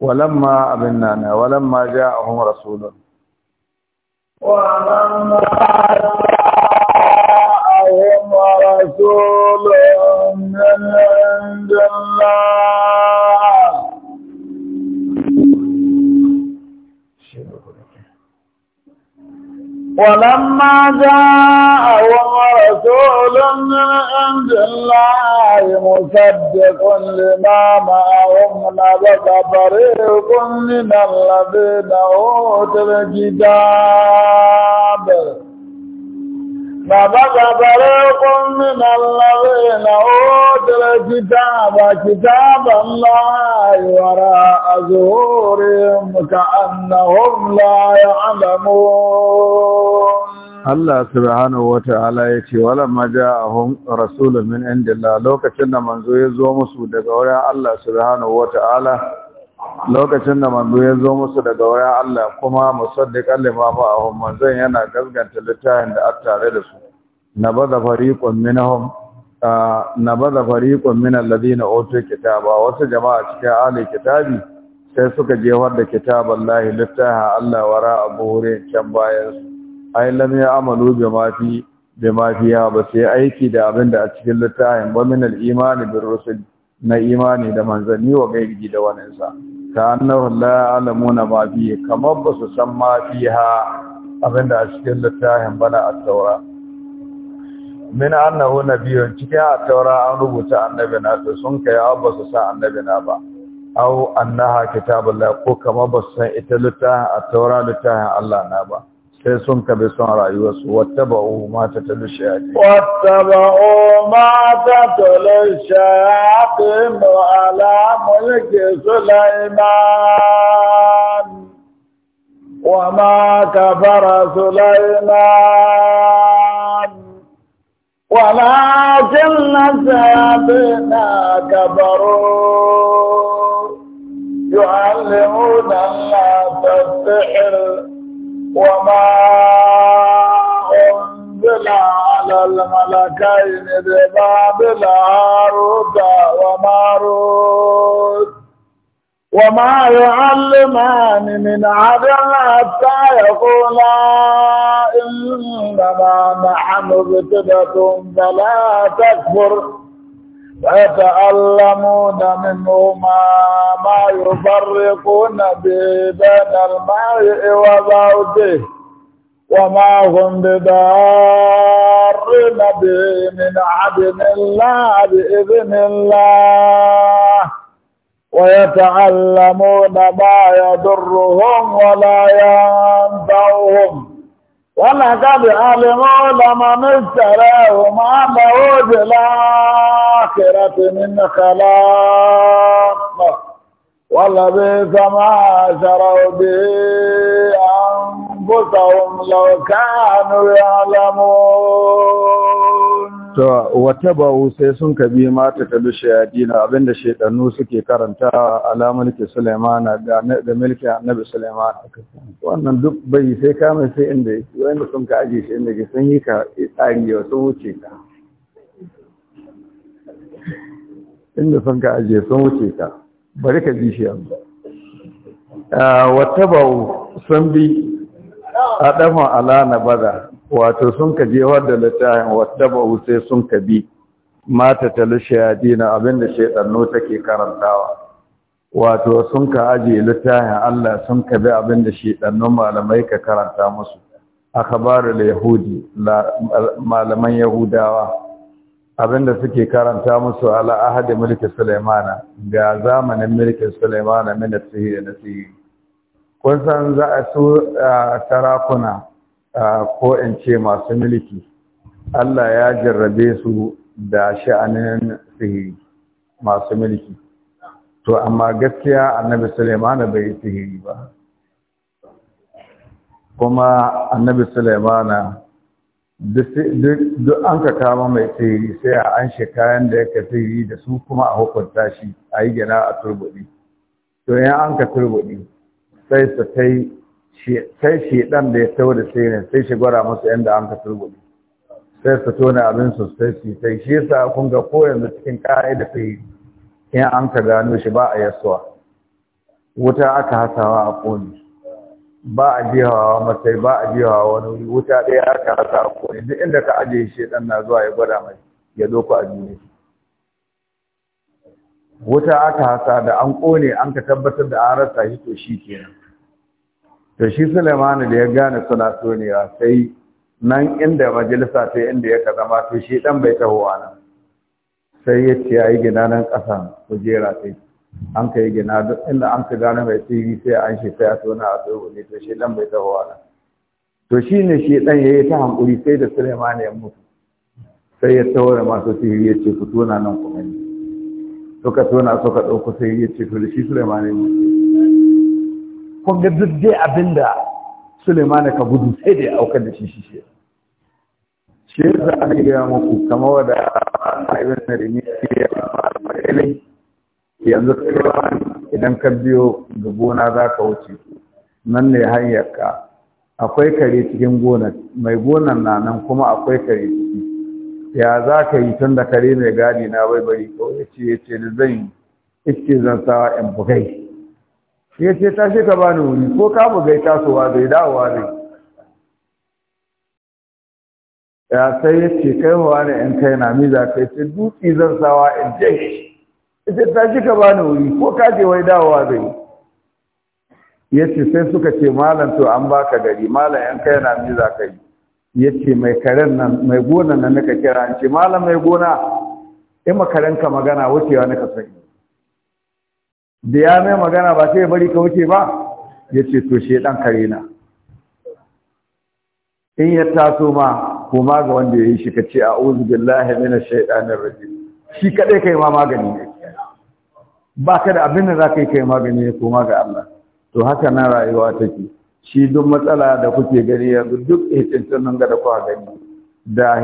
walamma abinna na walamma ja'ahum rasulun walamma ja'ahum rasulun من ولما جاءهم رسول من عند الله مصدق لما معهم نبذ فريق من الذين اوتوا الكتاب فبقى فريق من الذين أوتوا الكتاب كتاب الله وراء ظهورهم كأنهم لا يعلمون Allah subhanahu wata'ala yace a ja'ahum rasulun min indillah lokacin da manzo ya zo musu daga wurin Allah subhanahu lokacin da manzo ya zo musu daga wurin Allah kuma musaddiqan a ba'ahum manzon yana gaskanta littafin da aka tare da su nabada fariqun minhum nabada fariqun min alladhina utu kitaba wasu jama'a cikin ahli kitabi sai suka jefar da Allah littafin Allah wara abure can bayan su ai lam ya'malu bima fi bima ba sai aiki da abin da a cikin littafin ba min al-imani bir rusul na imani da manzanni wa gairi da waninsa. ka annahu la ma fi kamar ba su san ma ha abinda a cikin littafin bana a taura min annahu nabiyyun cikin a taura an rubuta annabi na to sun kai ba su san annabi na ba aw annaha kitabullah ko kamar ba su san ita littafin a taura littafin Allah na ba سيسون كبسون على يوس واتبعوه ما تتل الشياطين واتبعوا ما تتل الشياطين على ملك سليمان وما كفر سليمان ولكن الشياطين كبروا يعلمون الناس السحر وما أنزل على الملكين بباب هاروت وماروت وما يعلمان من عدل حتى يقولا إنما نحن فتنة فلا تكفر يتعلمون منهما ما يفرقون به بين الماء وزوجه وما هم بضارين به من عبد الله بإذن الله ويتعلمون ما يضرهم ولا ينفعهم ولقد علموا لمن اشتراه ما له بالآخرة من خلاق ولبئس ما شروا به أنفسهم لو كانوا يعلمون to wata bawu sai sun kabi mata ta dushe yadina abinda shaidannu suke karanta ala mulki Sulaiman da mulki Annabi Sulaiman wannan duk bai sai ka mai sai inda yake wanda sun ka aje shi inda ke sun yi ka tsari ya sun wuce ka inda sun ka aje sun wuce ka bari ka ji shi yanzu ah, wata bawu sun bi adama ala na bada wato sun ka je da littafin wadda ba sai sun ka bi mata abin da abinda shaidanno take karantawa wato sun ka ajiye littafin Allah sun ka bi abinda shaidannun malamai ka karanta musu akhbarul yahudi malaman yahudawa abinda suke karanta musu ala ahadi mulki sulaimana ga zamanin mulkin sulaimana min asiri da kun san za a su tarakuna ko in ce masu miliki. Allah ya jarrabe su da sha'anin sihiri masu miliki. to amma gaskiya annabi Sulaiman bai sihiri ba kuma annabi Sulaiman duk an ka kama mai sihiri sai a an kayan da yake sihiri da su kuma a hukunta shi a yi gina a turbudi to yan an ka turbuɗi sai su kai sai dan da ya tawo da sai ne sai shi gwara musu yanda an ka turgudu sai su tona abin su sai su sai shi sa kun ga ko yanzu cikin da sai in an ka gano shi ba a yasuwa wuta aka hasawa a koni ba a jihawa masai ba a jihawa wani wuri wuta ɗaya aka hasa a koni duk inda ka ajiye shi ɗan na zuwa ya gwada mai ya doko a duniya wuta aka hasa da an ƙone an ka tabbatar da an rasa shi to shi kenan to shi sulemanu da ya gane suna sonewa sai nan inda majalisa ta inda ya ka zama to shi dan bai tahowa nan sai ya ce yi gina nan ƙasa jera sai an ka yi gina duk inda an ka gane mai tsiri sai an shi sai a tona a tsoro ne to shi dan bai tahowa nan to shi ne shi dan ya yi ta hankuri sai da sulemanu ya mutu sai ya taho da masu tsiri ya ce ku tona nan kuma ne suka tona suka ɗauko sai ya ce to da shi Sulaimanu ya mutu Kunga duk dai abinda Suleimani ka gudu sai da ya aukar da shi shi shi shi za a gaya muku kama wada yi na rini ya marai yanzu kawai idan ka biyo ga gona za ka wuce nan ne hanyar ka akwai kare cikin gona mai gonar na nan kuma akwai kare ciki ya za ka yi tun da kare mai gadi na bai bari kawai ya ce ya ce zan yi zan sawa in bugai ya ce tashi ka bani wuri ko ka bugai tasowa zai dawowa ne ya sai ya ce kai wa ne in kai na miza kai ce dutse zan sawa in je ya ce tashi ka bani wuri ko ka je wai dawowa zai ya ce sai suka ce malam to an baka gari malam in kai na miza kai ya ce mai karen nan mai gona nan naka kira an ce malam mai gona in makarenka magana wucewa naka sanyi da ya mai magana ba sai ya bari ka wuce ba ya ce to shi ɗan kare na in ya taso ma kuma ga wanda ya yi shi ka ce a uzu billahi mina shaidanin rajim shi kaɗai kai ma magani ne ba ka da abin da za ka yi kai magani ne koma ga Allah to haka na rayuwa take shi duk matsala da kuke gani yanzu duk hitintunan ga da gani da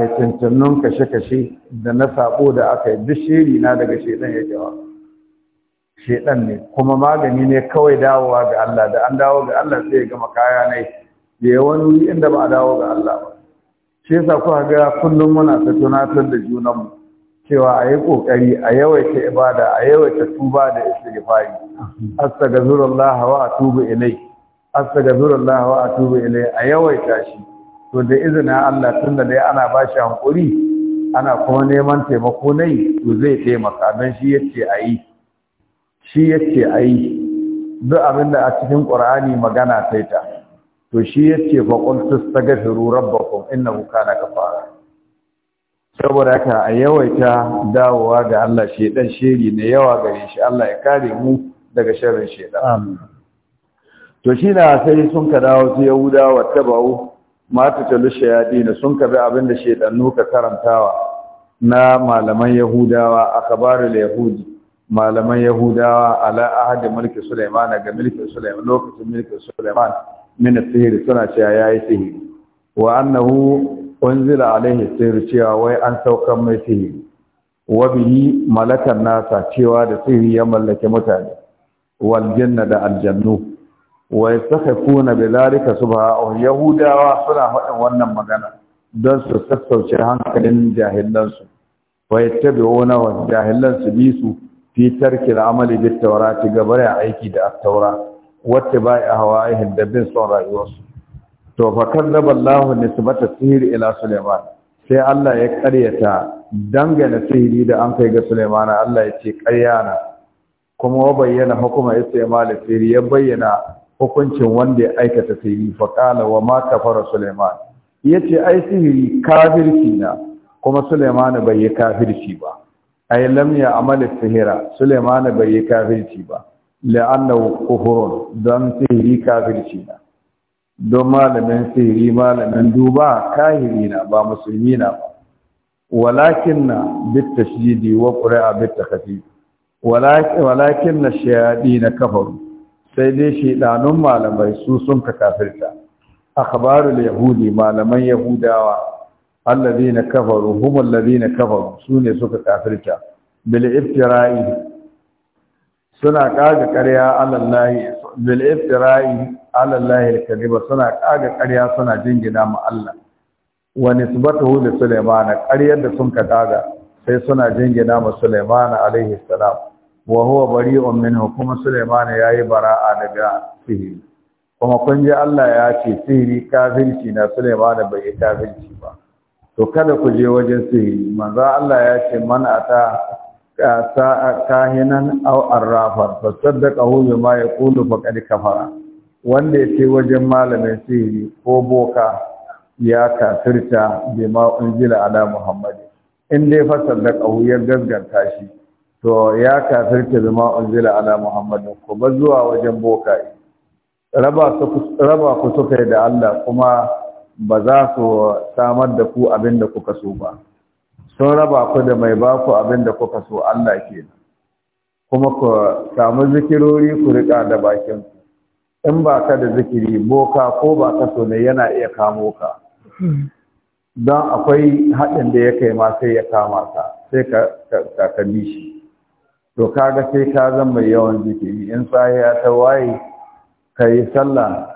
kashe-kashe da na sabo da aka yi duk shiri na daga shaidan ya jawa shedan ne kuma magani ne kawai dawowa ga Allah da an dawo ga Allah sai ya gama kaya ne da ya wani inda ba a dawo ga Allah ba shi yasa ku ga kullum muna ta tunatar da junanmu cewa a yi ƙoƙari a yawaita ibada a yawaita tuba da istighfari astaghfirullah wa atubu ilai astaghfirullah wa atubu ilai a yawaita shi to da izinin Allah tunda dai ana ba shi hankuri ana kuma neman taimako nai to zai taimaka don shi yace a yi shi yace ai duk abin da a cikin qur'ani magana sai ta to shi yace fa qul tastaghfiru rabbakum innahu kana ghafara saboda ka a yawaita dawowa ga Allah shi ɗan shiri ne yawa gare shi Allah ya kare mu daga sharrin sheda. amin to shi na sai sun ka dawo su yahuda wa tabau mata talu na sun ka bi abinda shedannu ka karantawa na malaman yahudawa a akabarul yahudi malaman yahudawa ala ahadi mulki sulaiman ga mulkin sulaiman lokacin mulkin sulaiman min sihir suna cewa yayi sihiri wa annahu unzila alaihi sihir cewa wai an saukan mai sihiri wa bihi malakan nasa cewa da sihiri ya mallake mutane wal janna da aljannu wa yastakhifuna bidhalika subha'u yahudawa suna faɗin wannan magana don su sassauce hankalin jahilansu wa yattabi'una wa jahilansu bisu fi tarki al'amali bit tawrati gabar ya aiki da at-taura wata ba ya da bin son rayuwarsu to fa kadzaba Allahu nisbata sihir ila Sulaiman sai Allah ya karyata dangane sihiri da an kai ga Sulaiman Allah ya ce karyana kuma wa bayyana hukuma istimal sihiri ya bayyana hukuncin wanda ya aikata sihiri fa qala wa ma kafara Sulaiman yace ai sihiri kafirci na kuma Sulaiman bai yi kafirci ba ay lam ya amal sihira Suleiman bai yi kafirci ba la'annahu kufurun dan sihiri kafirci na don malamin sihiri malamin duba kahiri na ba musulmi na ba walakin na bitta shidi wa ƙuri'a bitta takhfi walakin na shayaɗi na kafaru sai dai danun malamai su sun ka kafirta akhbarul yahudi malaman yahudawa alladhina kafaru hum alladhina kafaru sune suka kafirta bil iftira'i suna kaga ƙarya alallahi bil iftira'i alallahi al suna kaga ƙarya suna jingina ma Allah wa nisbatuhu li Sulaiman ƙaryar da sun kaga sai suna jingina ma Sulaiman alaihi salam wa huwa bari'un minhu kuma Sulaiman yayi bara'a daga sihiri kuma kun ji Allah ya ce sihiri kafirci na Sulaiman bai yi kafirci ba to kada ku je wajen sihiri manzo Allah ya ce man ata kahinan aw arrafar fa hu ma yaqulu kad kafara wanda yace wajen malamin sihiri ko boka ya kafirta ma unzila ala muhammad in dai fa hu ya gaskanta shi to ya kafirta ma unzila ala muhammad ko ba zuwa wajen boka raba ku suka da Allah kuma ba za su samar da ku abin da kuka so ba sun raba ku da mai ba ku abin da kuka so Allah ke kuma ku samu zikirori ku riƙa da bakin ku. in ba ka da zikiri boka ko ba ka so ne yana iya kamo ka don akwai haɗin da ya kai ma sai ya kama ka sai ka ka shi to kaga sai ka zama mai yawan zikiri in sahiya ta waye ka yi sallah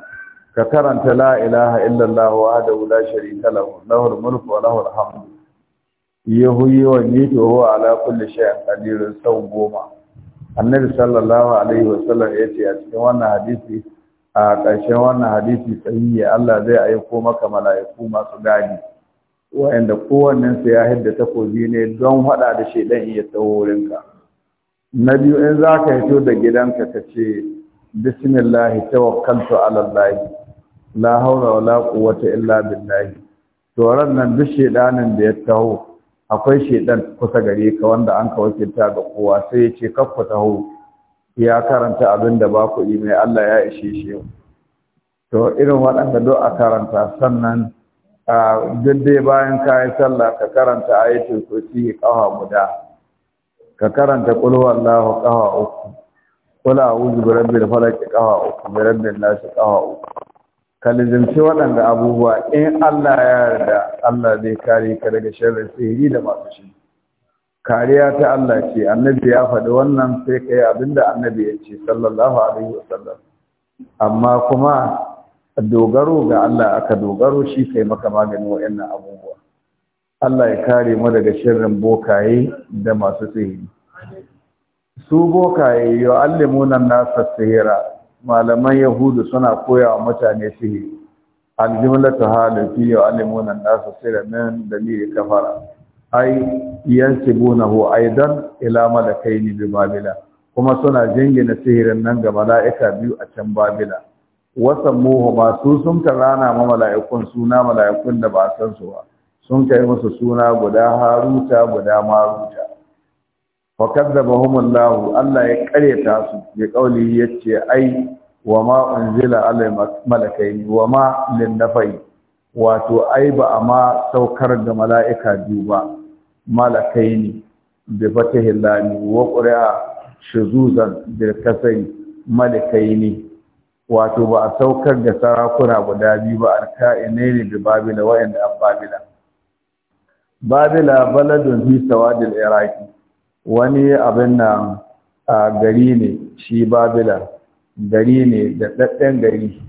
ka karanta la ilaha illallah da wula sharika lahu lahul mulku wa lahul hamd yahuyi wa yumiitu wa huwa ala kulli shay'in qadir sau goma annabi sallallahu alaihi wa sallam yace a cikin wannan hadisi a ƙarshen wannan hadisi sahihi Allah zai aiko maka mala'iku masu gadi wa'anda kowannen su ya hidda takobi ne don haɗa da shaidan iya tsawo na biyu in za ka hito da gidanka ka ce bismillahi tawakkaltu ala allahi la haula wala quwwata illa billahi to nan duk shedanin da ya taho akwai shedan kusa gare ka wanda an ka wakilta ga kowa sai ya ce kafa taho ya karanta abin da ba ku yi mai Allah ya ishe shi to irin waɗanda duk a karanta sannan a daidai bayan kayan sallah ka karanta ayatul kursi kawa guda ka karanta qul huwallahu kawa uku qul a'udhu birabbil falaq kawa uku birabbin nas kawa uku ka waɗanda abubuwa in Allah ya yarda Allah zai kare ka daga shirin sihiri da masu shi kariya ta Allah ce annabi ya faɗi wannan sai ka yi abinda annabi ya ce sallallahu alaihi wasallam amma kuma dogaro ga Allah aka dogaro shi kai maka maganin waɗannan abubuwa Allah ya kare mu daga sharrin bokaye da masu sihiri su bokaye yu'allimuna an-nasa sihira malaman yahudu suna koya wa mutane sihiri aljumlatu halifi ya alimuna nasu sira min dalili kafara ai yansibunahu aidan ila malakaini bi babila kuma suna jingina sihirin nan ga mala'ika biyu a can babila wasan muhu ba sun ka rana ma mala'ikun suna mala'ikun da ba san su ba sun kai musu suna guda haruta guda maruta fa da Allah Allah ya kareta su ya kauli ce ai wa ma unzila alal malakaini wa ma lin nafai wato ai ba a ma saukar da mala'ika biyu ba malakaini da fata lami wa qura shuzuzan da kasai malakai ne, wato ba a saukar da sarakuna guda biyu ba ina ne da babila da an babila babila baladun fi sawadil iraki wani abin nan a gari ne shi babila gari ne da ɗaɗɗen gari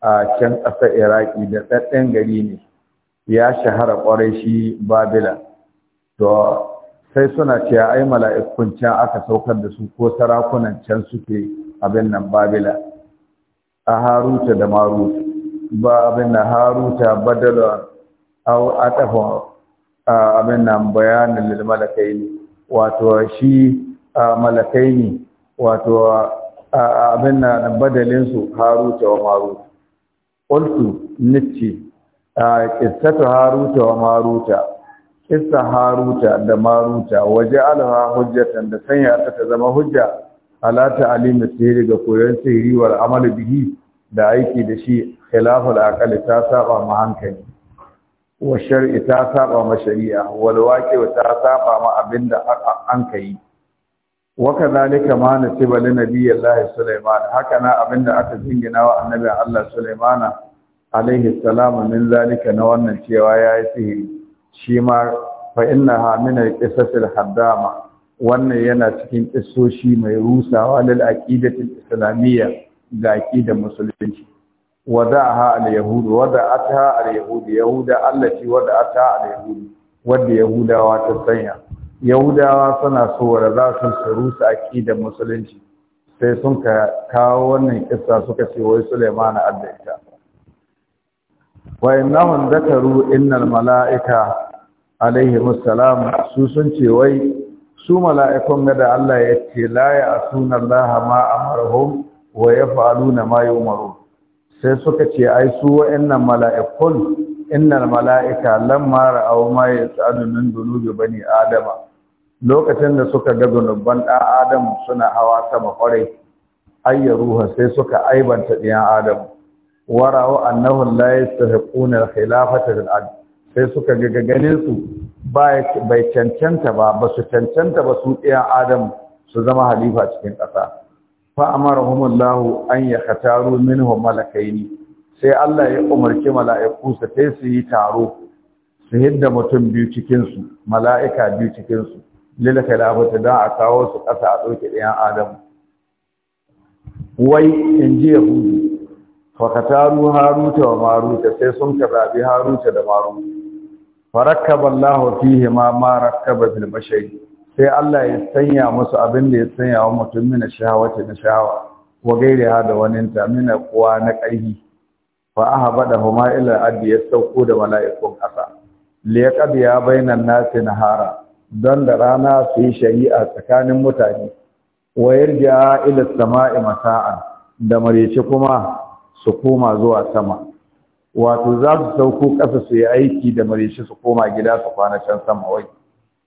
a can ƙasar iraki da ɗaɗɗen gari ne ya shahara ƙwarai shi babila to sai suna cewa ai mala'ikun can aka saukar da su ko sarakunan can suke abin nan babila a haruta da maruta ba abin na haruta badala a ɗafa abin nan bayanin lil malakai ne wato shi malakai ne wato abin na badalinsu haruta wa maruta ƙultu nitti ƙistatu haruta wa maruta ƙista haruta da maruta waje alaha hujjatan da sanya ta ta zama hujja alata alimu sihiri ga koyon sihiri wa amal bihi da aiki da shi khilaful Akali ta saba ma hankali wa shar'i ta saba ma shari'a wal waqi'u ta saba ma abinda an kai wa kadhalika ma nasiba li nabiyillahi sulaiman haka na abinda aka jingina wa annabi Allah sulaimana alaihi salam min zalika na wannan cewa yayi sihiri shi ma fa innaha min al-qisasil haddama wannan yana cikin isoshi mai rusawa lil aqidatil islamiyya ga aqidar musulunci wada'aha al-yahud wada'atha al-yahud yahuda allati wada'atha al-yahud wadda yahudawa ta sanya yahudawa suna so wa za su sarusa akida musulunci sai sun ka kawo wannan kissa suka ce wai Sulaiman addaita wa innahum zakaru innal mala'ika alaihi assalam su sun ce wai su mala'ikun da Allah ya ce la ya asuna Allah ma amarhum wa yaf'aluna ma yumarun sai suka ce ai su wa'annan mala'ikun innal mala'ika mara aw ma yas'alu min dunubi bani adama lokacin da suka ga dunuban ɗan adam suna hawa sama kwarai ayya ruha sai suka aibanta ɗiyan adam wara'u annahu la yastahiquna al-khilafata bil sai suka ga ganin su bai cancanta ba ba su cancanta ba su ɗiyan adam su zama halifa cikin ƙasa fa amarahumullahu an yakhtaru malakai ne sai Allah ya umarci mala'iku su tai su yi taro su hidda mutum biyu cikinsu, mala'ika biyu cikinsu, su lil khilafati a kawo su ƙasa a ɗauke ɗayan Adamu. wai in ji yahudu fa khataru haruta wa maruta sai sun karrabi haruta da maruta Farakka Allahu fihi ma ma rakkaba fil sai Allah ya sanya musu abin da ya sanya wa mutum mina shahawata na shawa. wa gaire ha da wani ta mina kuwa na ƙaihi fa aha bada huma ila addi ya sauko da mala'ikun ƙasa liya ya bainan nasi hara. don da rana su yi shari'a tsakanin mutane wa yarja ila sama'i masa'an da marece kuma su koma zuwa sama wato za su sauko ƙasa su yi aiki da marece su koma gida su kwana can sama wai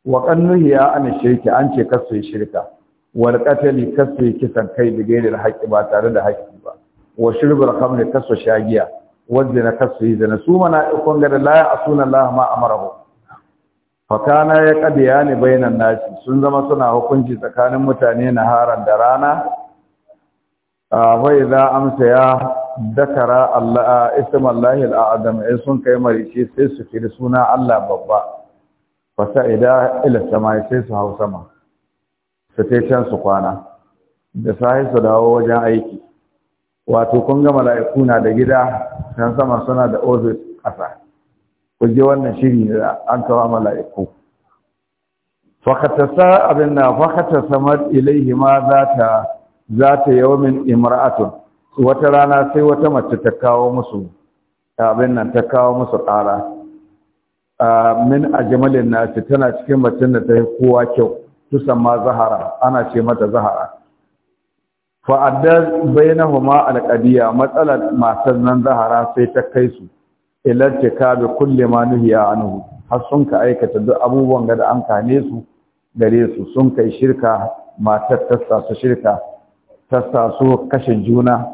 wa kannuhi ya an shirki an ce kasu shirka wal qatali kasu kisan kai da gairar haƙƙi ba tare da haƙƙi ba wa shirbul khamr kasu shagiya wa na kasu zina su mana ikon ga la ya asuna Allah ma amarahu fa kana ya qadiyani bainan nasi sun zama suna hukunci tsakanin mutane na haran da rana wai za amsa ya dakara Allah ismallahi al'adam in sun kai marici sai su kiri suna Allah babba fasa ida ila sama sai su hau sama su tai can su kwana da sahi su dawo wajen aiki wato kun ga mala'iku na da gida can sama suna da ofis ƙasa ku je wannan shiri da an kawo mala'iku fakatasa abin na fakata sama, ilaihi ma za ta za ta yawmin imra'atun wata rana sai wata mace ta kawo musu abin nan ta kawo musu ƙara min na nasi tana cikin mutum da ta yi kowa kyau ma zahara ana ce mata zahara fa'addar huma alqadiya matsalar matar nan zahara sai ta kai su ilar bi kulle ma nuhiya anhu har sun ka aikata duk abubuwan da an kane su gare su sun kai shirka matar tasta su shirka tasta su kashe juna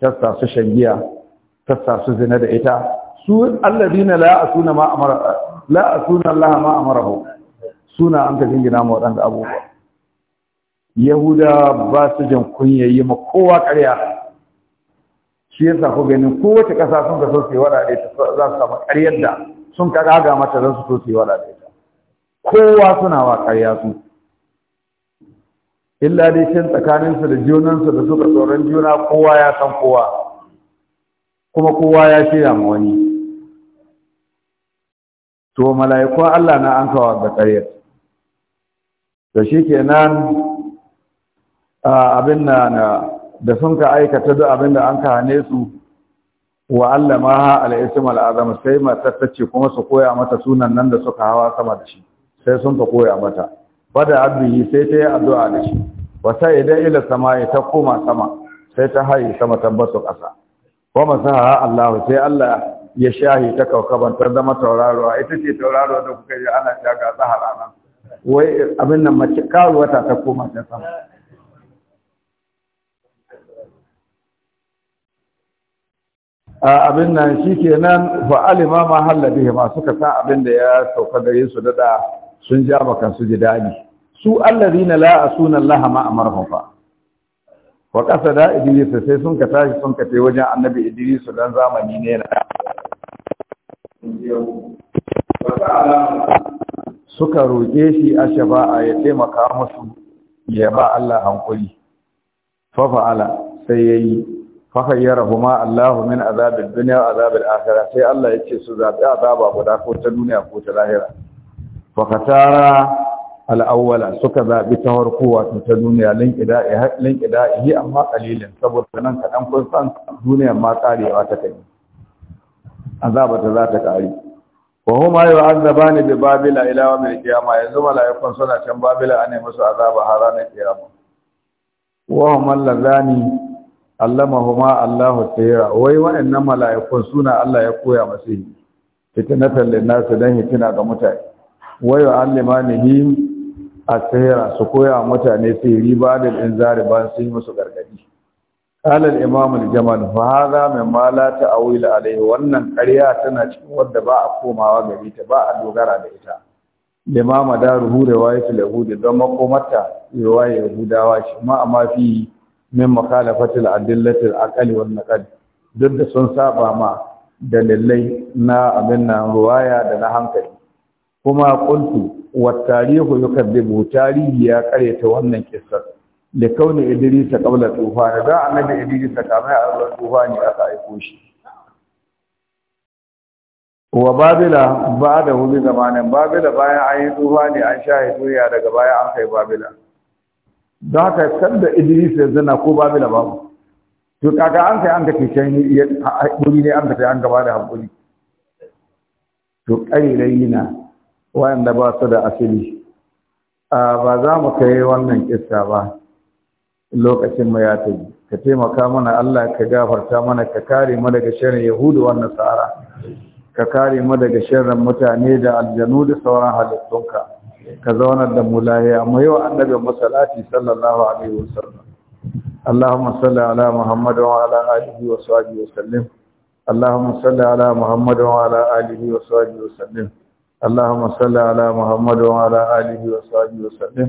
tasta su shan giya su zina da ita su alladina la asuna ma amara la asuna Allah ma amarahu suna an ka jingina ma wadanda abubuwa yahuda ba su jin yi ma kowa ƙarya shi yasa ku ganin kowace ƙasa sun ka so su yi wada ta za su samu ƙaryar da sun ka gaga mata za su so su yi wada ta kowa suna wa ƙarya su illa dai can su da su da suka tsoron juna kowa ya san kowa kuma kowa ya shirya ma wani to mala'iku Allah na an kawo da ƙaryar to shikenan abin na da sun ka aikata da abin da an ka hane su wa allamaha al-ism al-azam sai matar ta ce kuma su koya mata sunan nan da suka hawa sama da shi sai sun ka koya mata bada abdihi sai ta yi addu'a da shi wata idan ila sama'i ta koma sama sai ta haye sama tabbasu ƙasa wa masaha Allah sai Allah ya shahi ta kaukaban ta zama tauraruwa ita ce tauraruwa da kuka yi ana sha ga tsahara nan wai abin nan mace kawo wata ta koma ta sama abin nan shi ke nan alima ma hallabi ma suka san abin da ya sauka yin su daɗa sun ja baka su ji daɗi su allazi na sunan lahama a marfafa wa ƙasa da idrisa sai sun ka tashi sun ka wajen annabi idrisu don zamani ne na suka roƙe shi a shafa'a ya taimaka musu ya ba Allah Fafa Ala sai ya yi fahayyara huma Allahu min azabin duniya wa azabin akhira sai Allah ya ce su zaɓi azaba guda ko ta duniya ko ta lahira fakatara al'awwala suka zaɓi ta harko wato ta duniya linkida'i amma kalilin saboda nan kaɗan kun san duniyar ma ƙarewa ta kai azabata za ta kare wa huma ni bi babila ila yawmil qiyama yanzu malaikun suna can babila ana musu azaba har ranar kiyama wa huma allazani allamahuma Allahu tayra wai wa'annan malaikun suna Allah ya koya masu fitnatan linnas dan hitina ga mutane wa yu'allimanihim a tsira su koya mutane sihiri ba da inzari ba sun yi musu gargadi قال Imamul الجمل فهذا مما لا ma عليه wannan ƙarya tana cikin wanda ba a komawa gari ta ba a dogara da ita. Lima madaruhu riwayatul lahudi don makomarta riwaya yahudawa shi ma amma fi min makhalafatil adillatil aqal wal naqal duk da sun saba ma dalilai na abin nan ruwaya da na hankali kuma qultu wat tarihu yukadibu tarihi ya ta wannan kissar da kauna Idris kabla tufani da annabi Idris kamar a tufani aka aiko shi wa babila ba'da wani zamanin babila bayan an yi tufani an shahi duniya daga baya an kai babila don haka sanda Idris ya zana ko babila babu to kaga an kai an ka ya hakuri ne an ka sai an gaba da hakuri to ƙarirai na wayanda ba su da asali ba za mu kai wannan kissa ba lokacin mu ya tafi ka taimaka mana Allah ka gafarta mana ka kare mu daga sharrin yahudu wa nasara ka kare mu daga sharrin mutane da aljanu da sauran halittunka ka zaunar da mu lahiya mu yi wa annabi musallati sallallahu alaihi wasallam اللهم صل على محمد وعلى اله وصحبه وسلم اللهم صل على محمد وعلى اله وصحبه وسلم اللهم صل على محمد وعلى اله وصحبه وسلم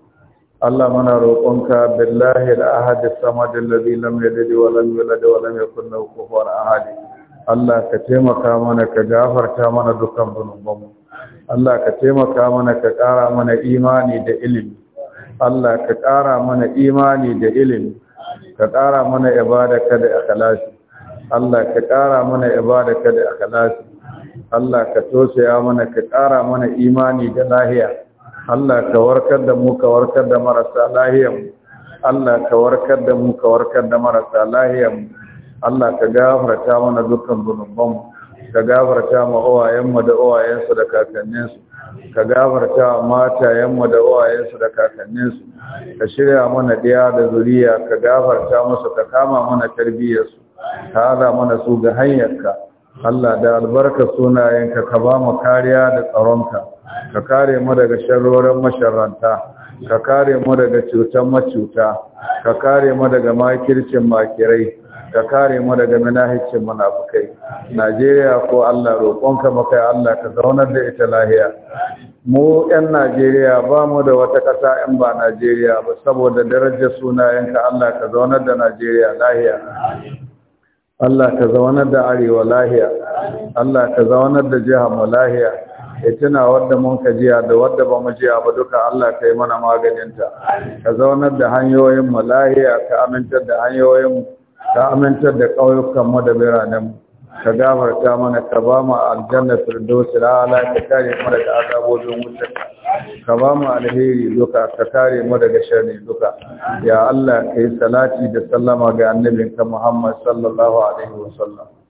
Allah mana roƙonka billahi al-ahad as-samad alladhi lam yalid wa lam yulad wa lam yakul lahu kufuwan ahad Allah ka taimaka mana ka gafarta mana dukkan zunubanmu Allah ka taimaka mana ka ƙara mana imani da ilimi Allah ka ƙara mana imani da ilimi ka ƙara mana ibada kada ikhlasi Allah ka ƙara mana ibada kada ikhlasi Allah ka tosaya mana ka ƙara mana imani da lahiya Allah ka warkar da mu ka warkar da marasa lahiyan Allah ka warkar da mu ka warkar da marasa lahiyan Allah ka gafarta mana dukkan zunubanmu ka gafarta ma uwayenmu da uwayensu da kakanninsu ka gafarta matayen matayenmu da uwayensu da kakanninsu ka shirya mana ɗiya da zuriya ka gafarta musu ka kama mana tarbiyyarsu ka hada mana su ga hanyarka Allah da albarka sunayenka ka ba mu kariya da tsaronka ka kare mu daga sharorin masharanta ka kare mu daga cutan macuta ka kare mu daga makircin makirai ka kare mu daga manahicin munafukai Najeriya ko Allah roƙonka maka ya Allah ka zaunar da ita lahiya mu 'yan Najeriya ba mu da wata ƙasa in ba Najeriya ba saboda darajar sunayenka Allah ka zaunar da Najeriya lahiya Allah ka zaunar da Arewa lahiya Allah ka zaunar da jihar mu lahiya tana wadda mun ka jiya da wadda ba mu jiya ba duka Allah ka yi mana maganinta ka zaunar da hanyoyin mu lahiya ka amintar da hanyoyin ka amintar da ƙauyukan mu da biranen mu ka gafarta mana ka ba mu aljanna firdausi ala ka kare mu daga azabobin wutarka ka ba mu alheri duka ka kare mu daga sharri duka ya Allah ka yi salati da sallama ga annabinka Muhammad sallallahu alaihi sallam